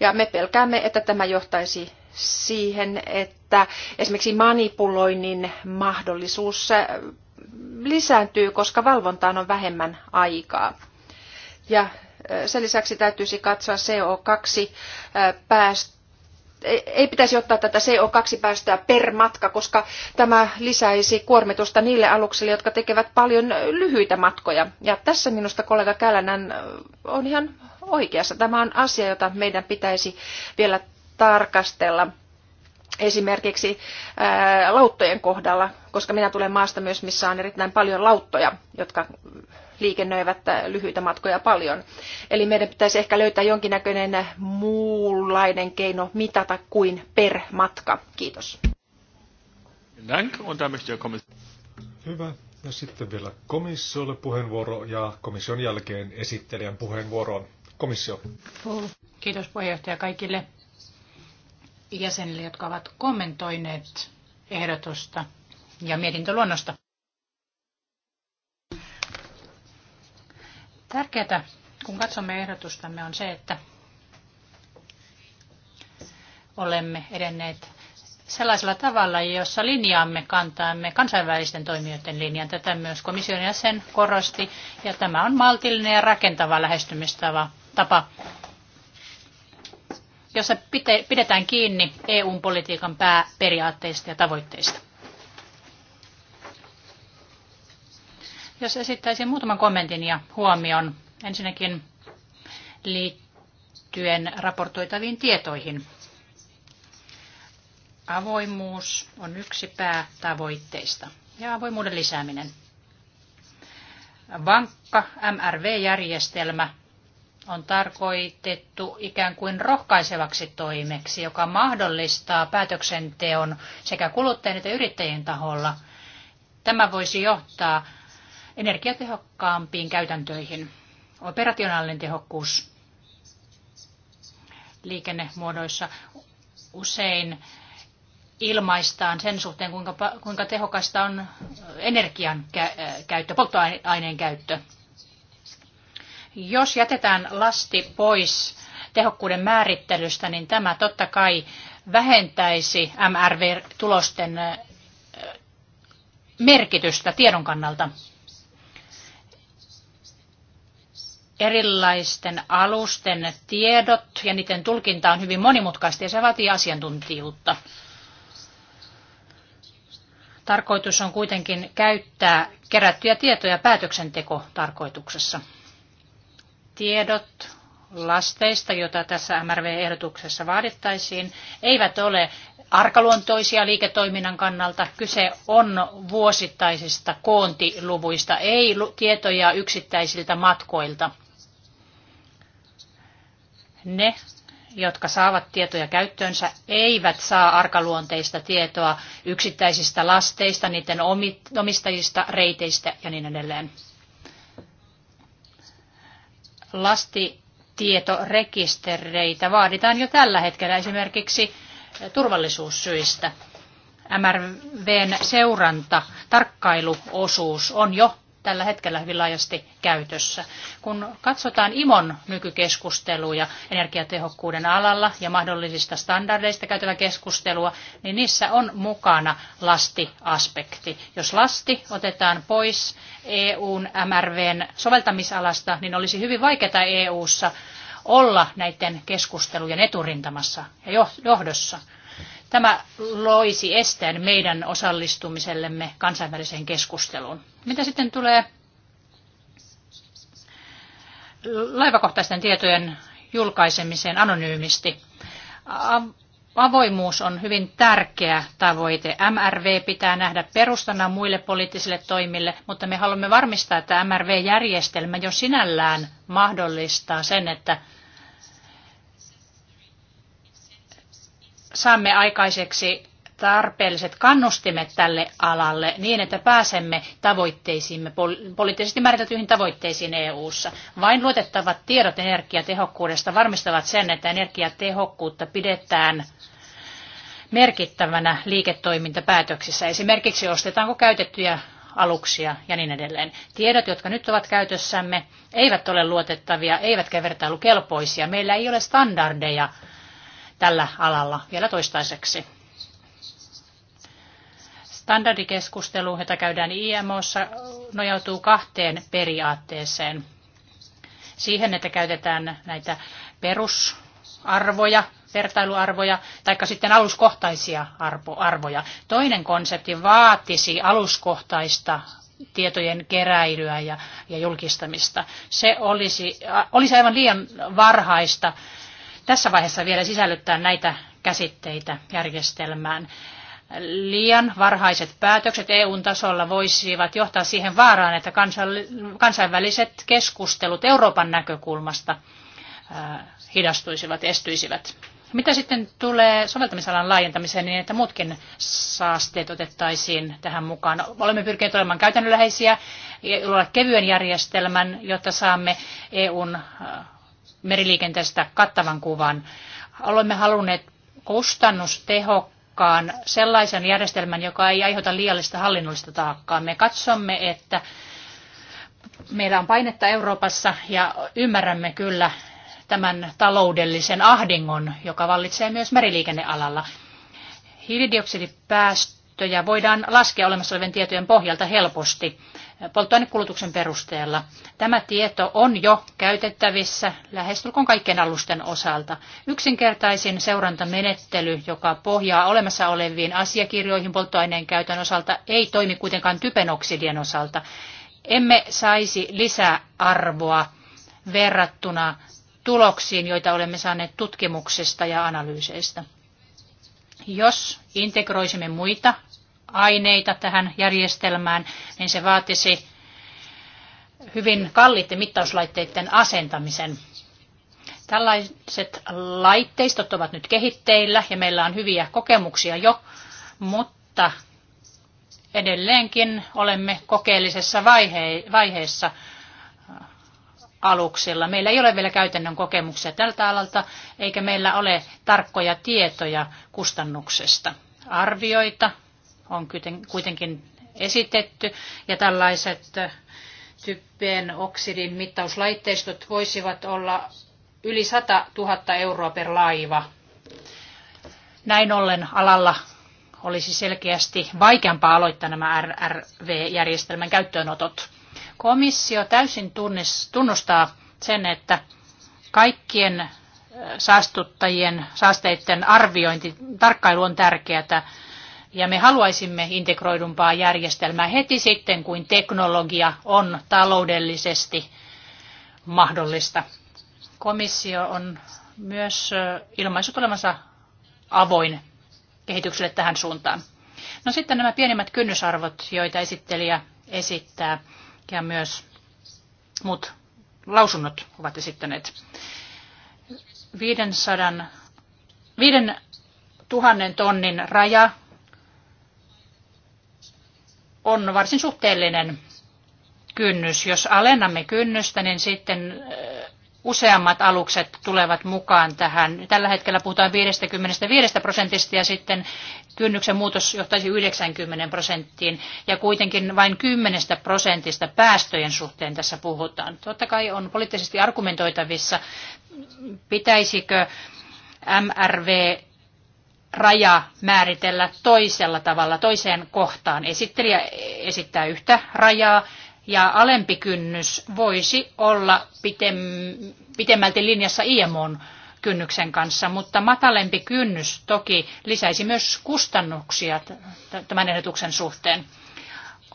Ja me pelkäämme, että tämä johtaisi siihen, että esimerkiksi manipuloinnin mahdollisuus lisääntyy, koska valvontaan on vähemmän aikaa. Ja sen lisäksi täytyisi katsoa CO2-päästöjä ei pitäisi ottaa tätä CO2-päästöä per matka, koska tämä lisäisi kuormitusta niille aluksille, jotka tekevät paljon lyhyitä matkoja. Ja tässä minusta kollega Kälänän on ihan oikeassa. Tämä on asia, jota meidän pitäisi vielä tarkastella esimerkiksi ää, lauttojen kohdalla, koska minä tulen maasta myös, missä on erittäin paljon lauttoja, jotka liikennöivät lyhyitä matkoja paljon. Eli meidän pitäisi ehkä löytää jonkinnäköinen muunlainen keino mitata kuin per matka. Kiitos. Hyvä. Ja sitten vielä komissiolle puheenvuoro ja komission jälkeen esittelijän puheenvuoro. Komissio. Kiitos puheenjohtaja kaikille jäsenille, jotka ovat kommentoineet ehdotusta ja mietintöluonnosta. Tärkeää, kun katsomme ehdotustamme, on se, että olemme edenneet sellaisella tavalla, jossa linjaamme kantaamme kansainvälisten toimijoiden linjan. Tätä myös komission jäsen korosti, ja tämä on maltillinen ja rakentava lähestymistapa jossa pidetään kiinni EU-politiikan pääperiaatteista ja tavoitteista. Jos esittäisin muutaman kommentin ja huomion, ensinnäkin liittyen raportoitaviin tietoihin. Avoimuus on yksi päätavoitteista ja avoimuuden lisääminen. Vankka MRV-järjestelmä on tarkoitettu ikään kuin rohkaisevaksi toimeksi, joka mahdollistaa päätöksenteon sekä kuluttajien että yrittäjien taholla. Tämä voisi johtaa energiatehokkaampiin käytäntöihin. Operationaalinen tehokkuus liikennemuodoissa usein ilmaistaan sen suhteen, kuinka, kuinka tehokasta on energian käyttö, polttoaineen käyttö. Jos jätetään lasti pois tehokkuuden määrittelystä, niin tämä totta kai vähentäisi MRV-tulosten merkitystä tiedon kannalta. Erilaisten alusten tiedot ja niiden tulkinta on hyvin monimutkaista ja se vaatii asiantuntijuutta. Tarkoitus on kuitenkin käyttää kerättyjä tietoja päätöksentekotarkoituksessa. tarkoituksessa tiedot lasteista, joita tässä MRV-ehdotuksessa vaadittaisiin, eivät ole arkaluontoisia liiketoiminnan kannalta. Kyse on vuosittaisista koontiluvuista, ei tietoja yksittäisiltä matkoilta. Ne, jotka saavat tietoja käyttöönsä, eivät saa arkaluonteista tietoa yksittäisistä lasteista, niiden omistajista, reiteistä ja niin edelleen lastitietorekistereitä vaaditaan jo tällä hetkellä esimerkiksi turvallisuussyistä. MRVn seuranta, tarkkailuosuus on jo tällä hetkellä hyvin laajasti käytössä. Kun katsotaan IMON nykykeskusteluja energiatehokkuuden alalla ja mahdollisista standardeista käytävä keskustelua, niin niissä on mukana lastiaspekti. Jos lasti otetaan pois EUn MRVn soveltamisalasta, niin olisi hyvin vaikeaa EUssa olla näiden keskustelujen eturintamassa ja johdossa. Tämä loisi esteen meidän osallistumisellemme kansainväliseen keskusteluun. Mitä sitten tulee laivakohtaisten tietojen julkaisemiseen anonyymisti? Avoimuus on hyvin tärkeä tavoite. MRV pitää nähdä perustana muille poliittisille toimille, mutta me haluamme varmistaa, että MRV-järjestelmä jo sinällään mahdollistaa sen, että saamme aikaiseksi tarpeelliset kannustimet tälle alalle niin, että pääsemme tavoitteisiimme, poliittisesti määriteltyihin tavoitteisiin EU-ssa. Vain luotettavat tiedot energiatehokkuudesta varmistavat sen, että energiatehokkuutta pidetään merkittävänä liiketoimintapäätöksissä. Esimerkiksi ostetaanko käytettyjä aluksia ja niin edelleen. Tiedot, jotka nyt ovat käytössämme, eivät ole luotettavia, eivätkä vertailukelpoisia. Meillä ei ole standardeja tällä alalla vielä toistaiseksi. Standardikeskustelu, jota käydään IMOssa, nojautuu kahteen periaatteeseen. Siihen, että käytetään näitä perusarvoja, vertailuarvoja, tai sitten aluskohtaisia arvoja. Toinen konsepti vaatisi aluskohtaista tietojen keräilyä ja, ja julkistamista. Se olisi, olisi aivan liian varhaista tässä vaiheessa vielä sisällyttää näitä käsitteitä järjestelmään. Liian varhaiset päätökset EUn tasolla voisivat johtaa siihen vaaraan, että kansainväliset keskustelut Euroopan näkökulmasta hidastuisivat, estyisivät. Mitä sitten tulee soveltamisalan laajentamiseen niin, että muutkin saasteet otettaisiin tähän mukaan? Olemme pyrkineet olemaan käytännönläheisiä, olla kevyen järjestelmän, jotta saamme EUn meriliikenteestä kattavan kuvan. Olemme halunneet kustannustehokkaan sellaisen järjestelmän, joka ei aiheuta liiallista hallinnollista taakkaa. Me katsomme, että meillä on painetta Euroopassa ja ymmärrämme kyllä tämän taloudellisen ahdingon, joka vallitsee myös meriliikennealalla. Hiilidioksidipäästöjä voidaan laskea olemassa olevien tietojen pohjalta helposti polttoainekulutuksen perusteella. Tämä tieto on jo käytettävissä lähestulkoon kaikkien alusten osalta. Yksinkertaisin seurantamenettely, joka pohjaa olemassa oleviin asiakirjoihin polttoaineen käytön osalta, ei toimi kuitenkaan typenoksidien osalta. Emme saisi lisäarvoa verrattuna tuloksiin, joita olemme saaneet tutkimuksista ja analyyseistä. Jos integroisimme muita aineita tähän järjestelmään, niin se vaatisi hyvin kalliiden mittauslaitteiden asentamisen. Tällaiset laitteistot ovat nyt kehitteillä ja meillä on hyviä kokemuksia jo, mutta edelleenkin olemme kokeellisessa vaihe- vaiheessa aluksilla. Meillä ei ole vielä käytännön kokemuksia tältä alalta, eikä meillä ole tarkkoja tietoja kustannuksesta. Arvioita on kuitenkin esitetty ja tällaiset typpien oksidin mittauslaitteistot voisivat olla yli 100 000 euroa per laiva. Näin ollen alalla olisi selkeästi vaikeampaa aloittaa nämä RRV-järjestelmän käyttöönotot. Komissio täysin tunnustaa sen, että kaikkien äh, saastuttajien, saasteiden arviointi, tarkkailu on tärkeää ja me haluaisimme integroidumpaa järjestelmää heti sitten, kuin teknologia on taloudellisesti mahdollista. Komissio on myös ilmaisut olemassa avoin kehitykselle tähän suuntaan. No sitten nämä pienimmät kynnysarvot, joita esittelijä esittää ja myös muut lausunnot ovat esittäneet. 500, 5000 tonnin raja on varsin suhteellinen kynnys. Jos alennamme kynnystä, niin sitten useammat alukset tulevat mukaan tähän. Tällä hetkellä puhutaan 55 prosentista ja sitten kynnyksen muutos johtaisi 90 prosenttiin ja kuitenkin vain 10 prosentista päästöjen suhteen tässä puhutaan. Totta kai on poliittisesti argumentoitavissa, pitäisikö MRV raja määritellä toisella tavalla, toiseen kohtaan. Esittelijä esittää yhtä rajaa ja alempi kynnys voisi olla pitem- pitemmälti linjassa IMOn kynnyksen kanssa, mutta matalempi kynnys toki lisäisi myös kustannuksia tämän ehdotuksen suhteen.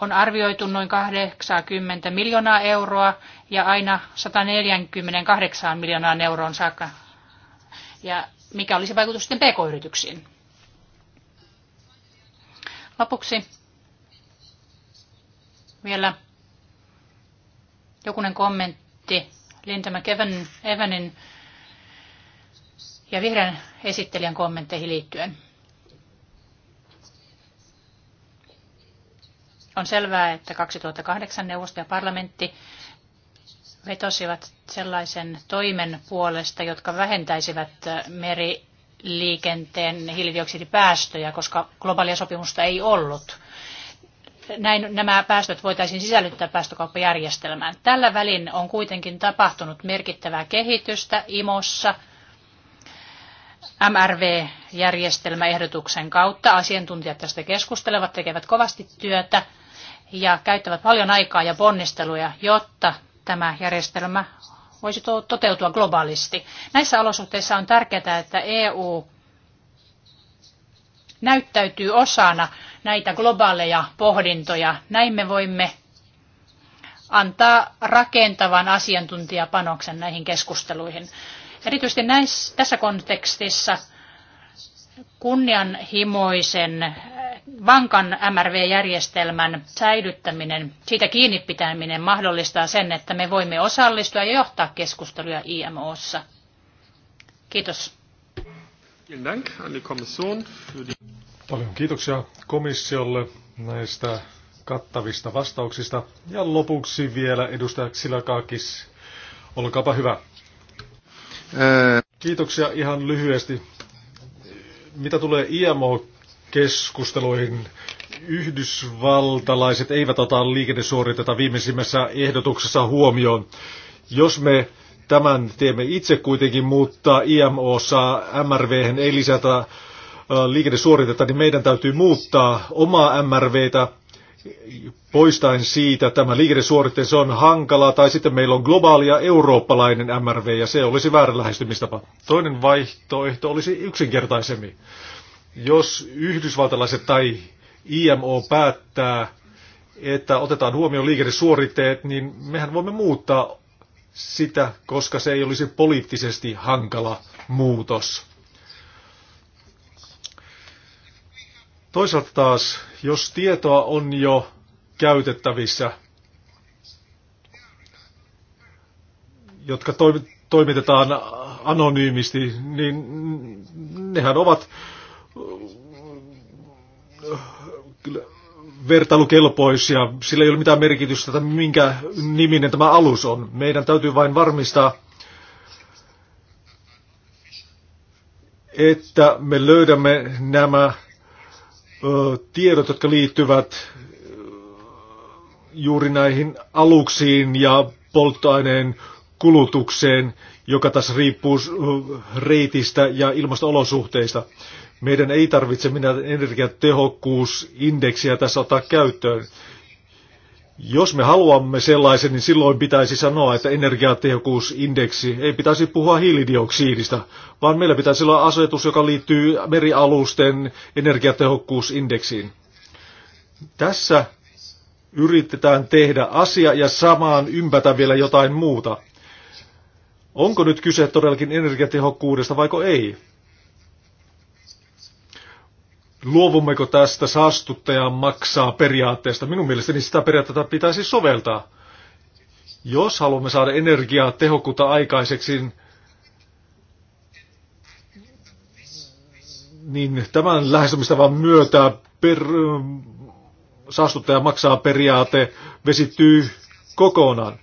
On arvioitu noin 80 miljoonaa euroa ja aina 148 miljoonaa euroon saakka. Ja mikä olisi vaikutus sitten pk-yrityksiin. Lopuksi vielä jokunen kommentti Linda McEvanin ja vihreän esittelijän kommentteihin liittyen. On selvää, että 2008 neuvosto ja parlamentti vetosivat sellaisen toimen puolesta, jotka vähentäisivät meriliikenteen hiilidioksidipäästöjä, koska globaalia sopimusta ei ollut. Näin nämä päästöt voitaisiin sisällyttää päästökauppajärjestelmään. Tällä välin on kuitenkin tapahtunut merkittävää kehitystä IMOssa MRV-järjestelmäehdotuksen kautta. Asiantuntijat tästä keskustelevat, tekevät kovasti työtä ja käyttävät paljon aikaa ja ponnisteluja, jotta tämä järjestelmä voisi toteutua globaalisti. Näissä olosuhteissa on tärkeää, että EU näyttäytyy osana näitä globaaleja pohdintoja. Näin me voimme antaa rakentavan asiantuntijapanoksen näihin keskusteluihin. Erityisesti näissä, tässä kontekstissa kunnianhimoisen vankan MRV-järjestelmän säilyttäminen, siitä kiinni pitäminen mahdollistaa sen, että me voimme osallistua ja johtaa keskusteluja IMOssa. Kiitos. Paljon kiitoksia komissiolle näistä kattavista vastauksista. Ja lopuksi vielä edustaja Xilakakis, olkaapa hyvä. Kiitoksia ihan lyhyesti. Mitä tulee IMO keskusteluihin. Yhdysvaltalaiset eivät ota liikennesuoritetta viimeisimmässä ehdotuksessa huomioon. Jos me tämän teemme itse kuitenkin, mutta IMOssa MRV ei lisätä äh, liikennesuoritetta, niin meidän täytyy muuttaa omaa MRVtä poistaen siitä tämä liikennesuorite, se on hankalaa, tai sitten meillä on globaali ja eurooppalainen MRV, ja se olisi väärä lähestymistapa. Toinen vaihtoehto olisi yksinkertaisemmin. Jos yhdysvaltalaiset tai IMO päättää, että otetaan huomioon liikennesuoritteet, niin mehän voimme muuttaa sitä, koska se ei olisi poliittisesti hankala muutos. Toisaalta taas, jos tietoa on jo käytettävissä, jotka toimitetaan anonyymisti, niin nehän ovat kyllä vertailukelpoisia. Sillä ei ole mitään merkitystä, että minkä niminen tämä alus on. Meidän täytyy vain varmistaa, että me löydämme nämä tiedot, jotka liittyvät juuri näihin aluksiin ja polttoaineen kulutukseen, joka tässä riippuu reitistä ja ilmastoolosuhteista. Meidän ei tarvitse minä energiatehokkuusindeksiä tässä ottaa käyttöön. Jos me haluamme sellaisen, niin silloin pitäisi sanoa, että energiatehokkuusindeksi ei pitäisi puhua hiilidioksidista, vaan meillä pitäisi olla asetus, joka liittyy merialusten energiatehokkuusindeksiin. Tässä yritetään tehdä asia ja samaan ympätä vielä jotain muuta. Onko nyt kyse todellakin energiatehokkuudesta vaiko ei? luovummeko tästä saastuttajan maksaa periaatteesta. Minun mielestäni sitä periaatteesta pitäisi soveltaa. Jos haluamme saada energiaa tehokkuutta aikaiseksi, niin tämän lähestymistavan myötä per, saastuttaja maksaa periaate vesittyy kokonaan.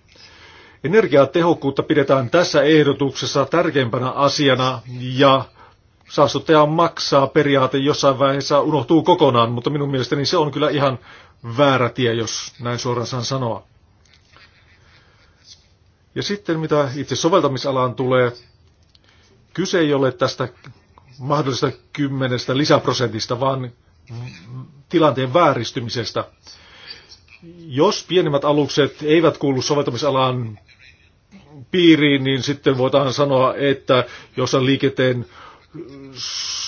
Energiatehokkuutta pidetään tässä ehdotuksessa tärkeimpänä asiana ja saastuttaja maksaa periaate jossain vaiheessa unohtuu kokonaan, mutta minun mielestäni se on kyllä ihan väärä tie, jos näin suoraan saan sanoa. Ja sitten mitä itse soveltamisalaan tulee, kyse ei ole tästä mahdollisesta kymmenestä lisäprosentista, vaan tilanteen vääristymisestä. Jos pienemmät alukset eivät kuulu soveltamisalaan piiriin, niin sitten voidaan sanoa, että jos on liikenteen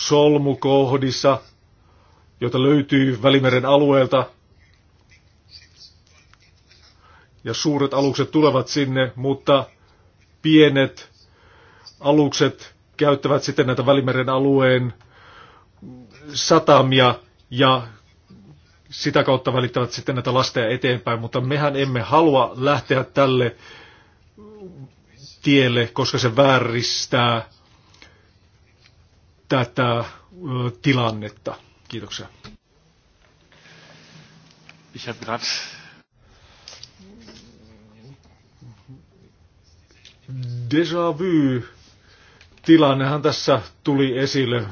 solmukohdissa, joita löytyy Välimeren alueelta. Ja suuret alukset tulevat sinne, mutta pienet alukset käyttävät sitten näitä Välimeren alueen satamia ja sitä kautta välittävät sitten näitä lasteja eteenpäin, mutta mehän emme halua lähteä tälle tielle, koska se vääristää tätä tilannetta. Kiitoksia. Ich habe gerade déjà vu tilannehan tässä tuli esille,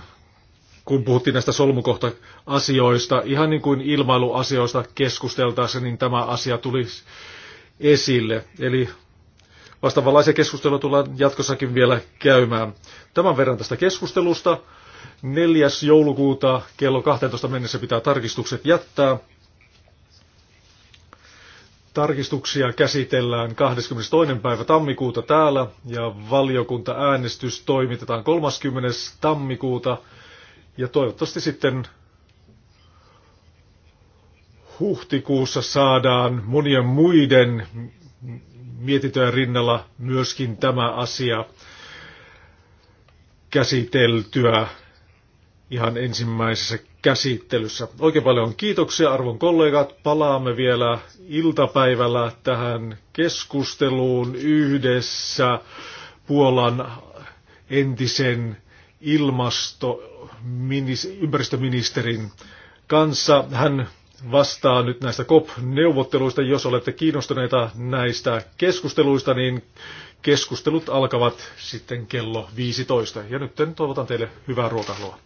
kun puhuttiin näistä solmukohta-asioista. Ihan niin kuin ilmailuasioista keskusteltaessa, niin tämä asia tuli esille. Eli Vastaavanlaisia keskusteluja tullaan jatkossakin vielä käymään. Tämän verran tästä keskustelusta. 4. joulukuuta kello 12 mennessä pitää tarkistukset jättää. Tarkistuksia käsitellään 22. päivä tammikuuta täällä ja valiokunta-äänestys toimitetaan 30. tammikuuta ja toivottavasti sitten huhtikuussa saadaan monien muiden mietintöjen rinnalla myöskin tämä asia käsiteltyä ihan ensimmäisessä käsittelyssä. Oikein paljon kiitoksia arvon kollegat. Palaamme vielä iltapäivällä tähän keskusteluun yhdessä Puolan entisen ilmasto ympäristöministerin kanssa. Hän vastaa nyt näistä COP-neuvotteluista. Jos olette kiinnostuneita näistä keskusteluista, niin keskustelut alkavat sitten kello 15. Ja nyt toivotan teille hyvää ruokahalua.